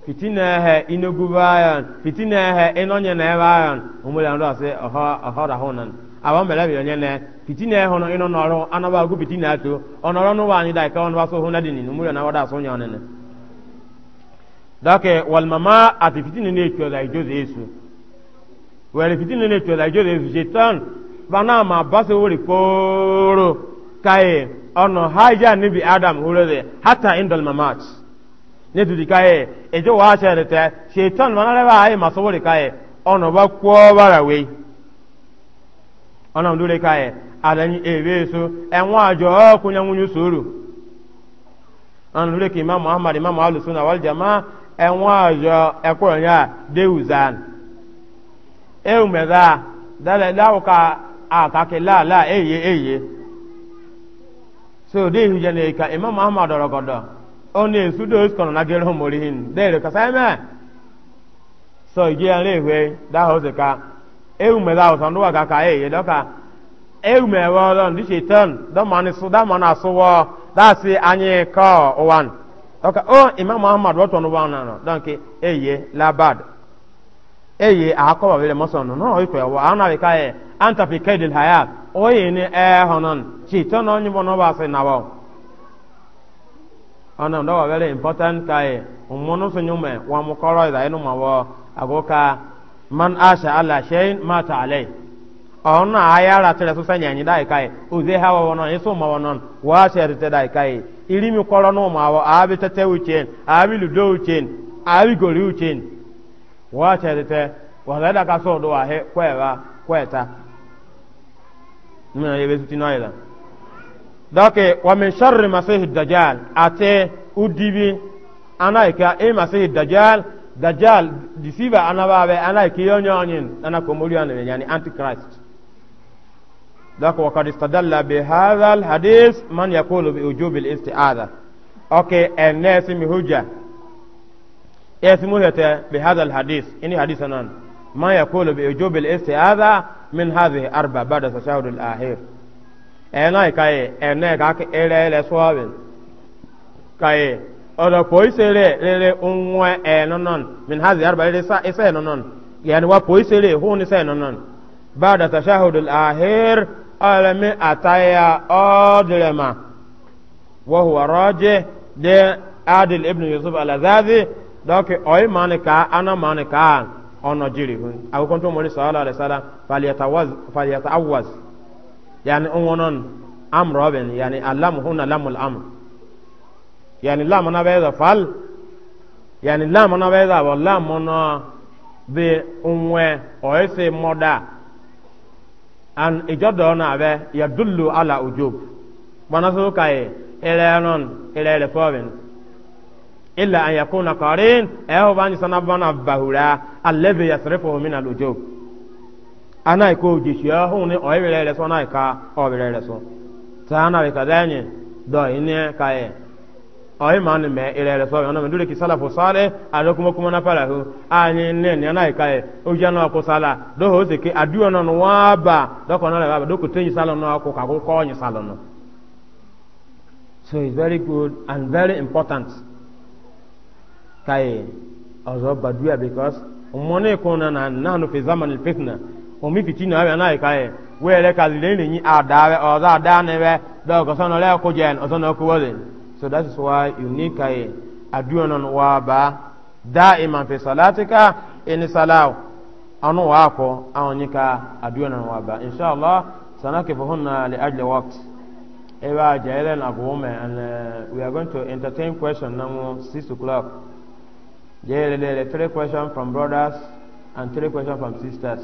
fitina he inugu bayan fitina na bayan umule ndo ase oho oho rahonan awa mele bi onye ne fitina he hono ino noro anaba agu fitina to onoro no wani dai ka onwa so hona dinin umule na wada so nyone ne dake mama ati fitina ne to da ijo ne dudu ka ye ejo waa sɛri tɛ shaitan mana lɛ baa ye masɔbɔri ka ye ɔnɔ ba kɔɔbara wei ɔnɔ dule ka ye ala ebe so ɛŋwa jɔ soro ɔnɔ dule ki imam muhammad imam alu sunna wali jama ɛŋwa jɔ ɛkɔrɔnya dewu zan ewu mɛ zaa dalɛ ka a laa laa eye eye so de ne ka onye dos iskọrọ na gero morihin dere ka sai so igi an lewe da hose ka ewu me da hose ndo ka ka e doka ewu me wa don di shetan da mani su da mana su wo da si anyi ka o wan doka o imam muhammad wato no wan no donc eye labad eye akọ wele moso no no ito wa ana we ka e anta fi kaidil hayat oye ni e honon shetan onyi bono ba se na ba ana ndo wa very important kai umunu sunyume wa mukoro ida inu mawo agoka man asha ala shay'in mata alai ona ayara tere so sanya nyi dai kai uze hawa wono yeso ma wono wa shere te dai kai iri mi koro no mawo abi tete uchen abi ludo uchen abi gori uchen wa shere te wa da ka so do wa he kwa kweta nuna yebe sutina ila dɔke wa min sharri masihi dajjal ate udibi ana ka e masihi dajjal dajjal disiba ana babe ana ki yonyonyin ana ko muri ana yani antichrist dɔke wa qad istadalla bi hadha al hadith man yaqulu bi wujub al isti'adha okay enesi mi hujja esimu hete bi hadha al hadith ini hadith anan man yaqulu bi wujub al isti'adha min hadhihi arba ba'da tashahud al akhir ena kai ene ka ere ele suaben kai ọ̀rọ̀ pọ̀ísẹ̀rẹ̀ rere ohun ẹ̀nọ́nọ́n min hazi arba rere iṣẹ́ ẹ̀nọ́nọ́n yẹni wa pọ̀ísẹ̀rẹ̀ ohun iṣẹ́ ẹ̀nọ́nọ́n bá da ta ṣáhùdù ahir ọlẹ́mí àtàyà ọ́dìrẹ̀mà wọ́hùwà rọ́jẹ́ dé adil ibn yusuf alazazi dọ́kì ọ̀yí aná ọ̀nà jìrì tó sọ́ọ́lá rẹ̀ fàlìyàtà yani unwonon amr oben yani alam huna lamul amr yani lam na beza fal yani lam na beza wa lam na be unwe oise moda an ijodo na be yadullu ala ujub bana so kai ele non ele ele foben illa an yakuna qarin eho bani sana bana bahura allazi yasrifuhu min al ujub ana ko jishi ya hu ne o yele le na ka ọ yele le so ta na be ka danye do ine ka ya. o yi man me ile le so ona me dure ki sala fo sale ado kuma kuma na pala hu anyi ne ne na ka ya o ja na ko sala do ho se adị adu ona no wa ba do ko na le ba do ko tenyi sala no ọkụ ka ko ko nyi sala no so it's very good and very important Ka kai ọzọ baduya because ummone ko na na nanu fi zaman fitna omi n'a yi ka ye wele ka lele ni a daa bɛ ɔ zaa daa ne bɛ dɔw ka sɔn nɔlɛ ko jɛn o so that is why you need ka ye a duya nɔ waa ba daa ima fi salati ka salaw anu waa ko anw ni ka a duya nɔ waa ba inshallah sana kifo hunna li ajli waqt e b'a jɛ yɛlɛ na ko mɛ and uh, we are going to entertain question na six o'clock jɛ yɛlɛ three questions from brothers and three questions from sisters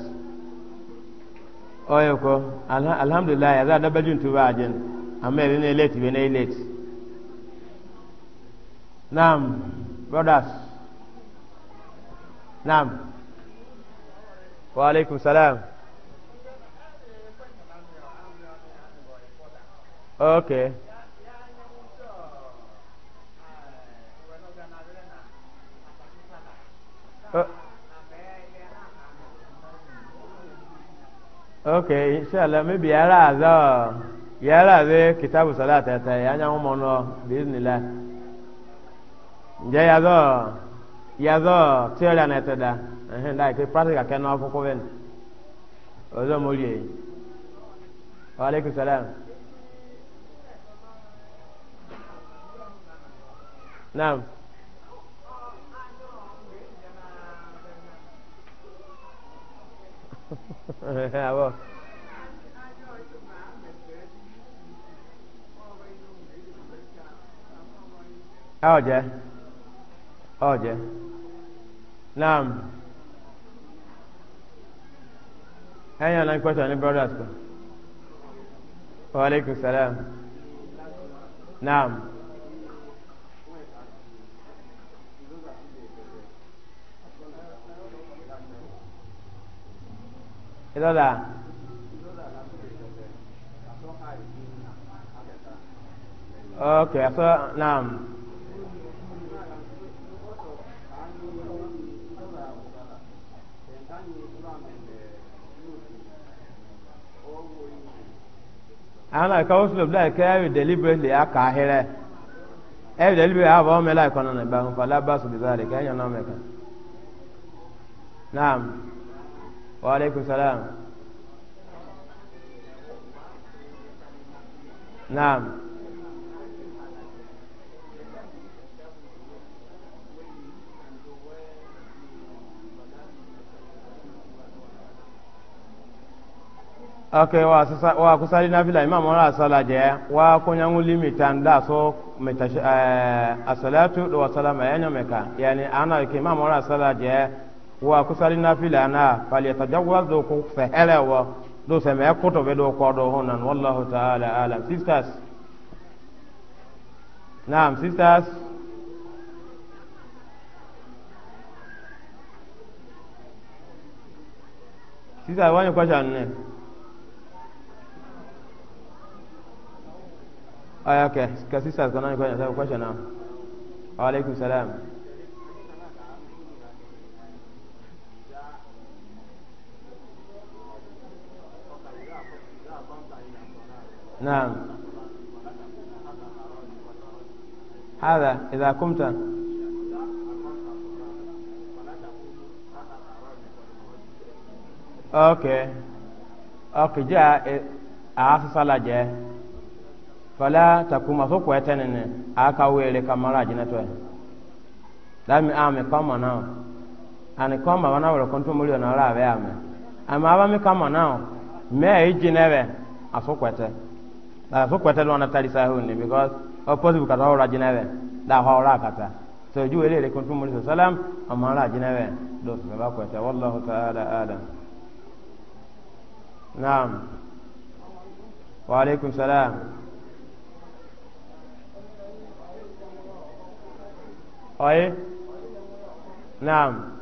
oyo ko alhamdulillah ya za da bajun tuba ajin amma irin ne late be ne late nam brothers nam wa alaikum salam uh, okay inshallah maybe yara azọ yara ze kitabu salat ata ya anya ụmụ nọ biznila nje yazọ yazọ theory na etada ehe like practical kan akwụkwọ ben ọzọ morie wa alaikum salam naam Jawohl. أوجه أوجه نعم أين لن كنت أنا برادتك وعليكم السلام نعم ìdọ́dà. ok aso naam. ana ka oslo da ka delivery deliberately aka ahire ewi deliberately aba o mela ikona na ba ko la ba su bizare ka yana meka naam wa alaikum salam Ok, okay wa sasa wa kusali na vile imam wala sala je wa kunya nguli mitan da so metash eh asalatu wa salama yanyo meka yani ana ke imam wala sala je wa kusali nafila na falyatajawazu ku fahela wa do seme koto be do ko do honan wallahu ta'ala alam sisters naam sisters sisters wani question ne ay ah, okay ka sisters kana ni question na wa alaikum salam نعم هذا إذا قمت أوكي أوكي جاء أعاف صلاة جاء فلا تقوم فوق ويتنن أكاويل كمرا جنتوه dami ame kama nao ani kama wana wala kontu mulio na wala ame ama aba mi kama nao me iji nebe asokwete da so kwete lona tari sa hu ni because o possible ka ora jinawe da ho ora kata so ju ele le kuntu mu sallam amma ra jinawe do so ba kwete wallahu ta'ala adam na'am wa alaikum salam oye na'am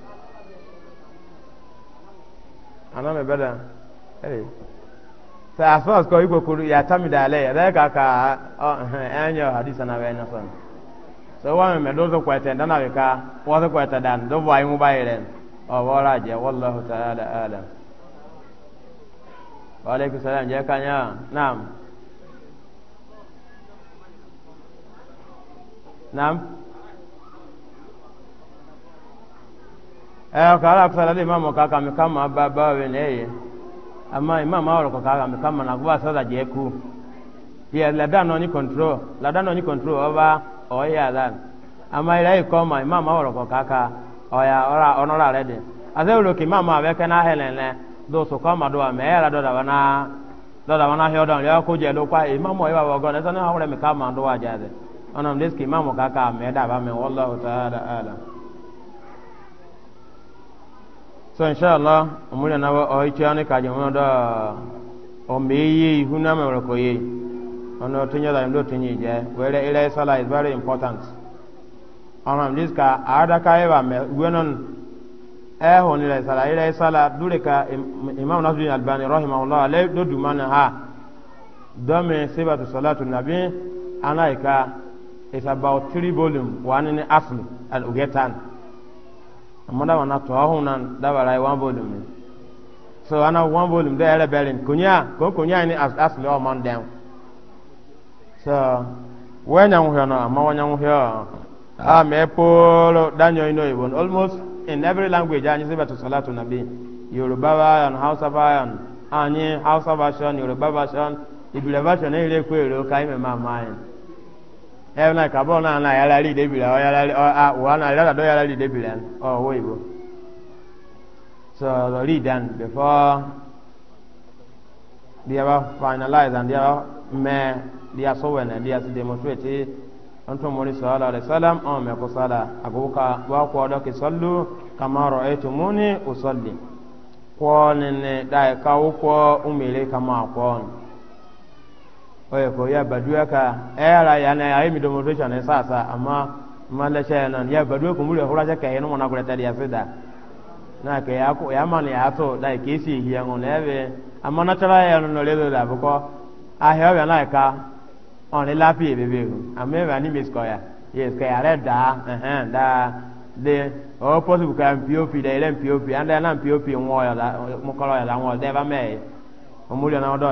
ana me bada hey sa as far as ko igwe kwuru ya tami da ale ya ka ka enyo hadisa na wena son so wa me dozo kwete ndana we ka wa zo dan do wa imu bayire o wala je wallahu ta'ala alam wa alaikum salam kanya naam naam Eh, kala kusala de mama kaka mikama baba weneye ama imama awol ko kaka mikama na kuba sada jeku ya lada no ni control lada no ni control oba oya dan ama ila ikoma imama awol ko kaka oya ora onora rede ase ulo ki mama aweke na helene do so koma do ame era do da bana do da bana hiodo ya so inshallah umuri na wa oichi ani ka jamu da o meye ihu na me ko ye ono tinya da ndo tinya je where ile sala is very important ono this ka ada ka eba me wenon eh hon ile sala ile sala dure ka imam nasruddin albani rahimahullah le do du man ha do me sibatu salatu nabi anaika It's about three volume one in asli al ugetan amada wana to ahuna dabara wan volume so ana wan volume da era belin kunya ko kunya ni as asli o man dem so wenya nguhyo na ma wenya nguhyo a me polo danyo ino ibon almost in every language anyi sebe to salatu nabi yoruba version hausa version anyi hausa version yoruba version ibile version ile kwero kai me mama yin ɛn na kabɔ na na yala li de bila ɔyala li ɔ a wa na yala dɔ yala li de bila ɔ wo ibo so li dan before they have finalized and they have mɛ they are so well and they are demonstrate ɔntun mori sɔɔla alayhi salam ɔn mɛ ko sala agogo ka wa kɔ dɔ ke sɔlu kamaro etumuni o sɔli kɔɔ nini daa ka umele kama oye ko ya baduya ka era ya na ayi midomo to sasa na ya baduya ko mure hura ka yeno na kula si da. na ya ko ya ato da ke si hiya ngo lebe amma na tara ya no la da boko a he ya na ka on le lapi bebe ko amma ba ni mis ko ya yes ka da da de o possible ka pop da ile pop anda na pop nwo ya la mukoro ya la nwo de ba me omuri na odo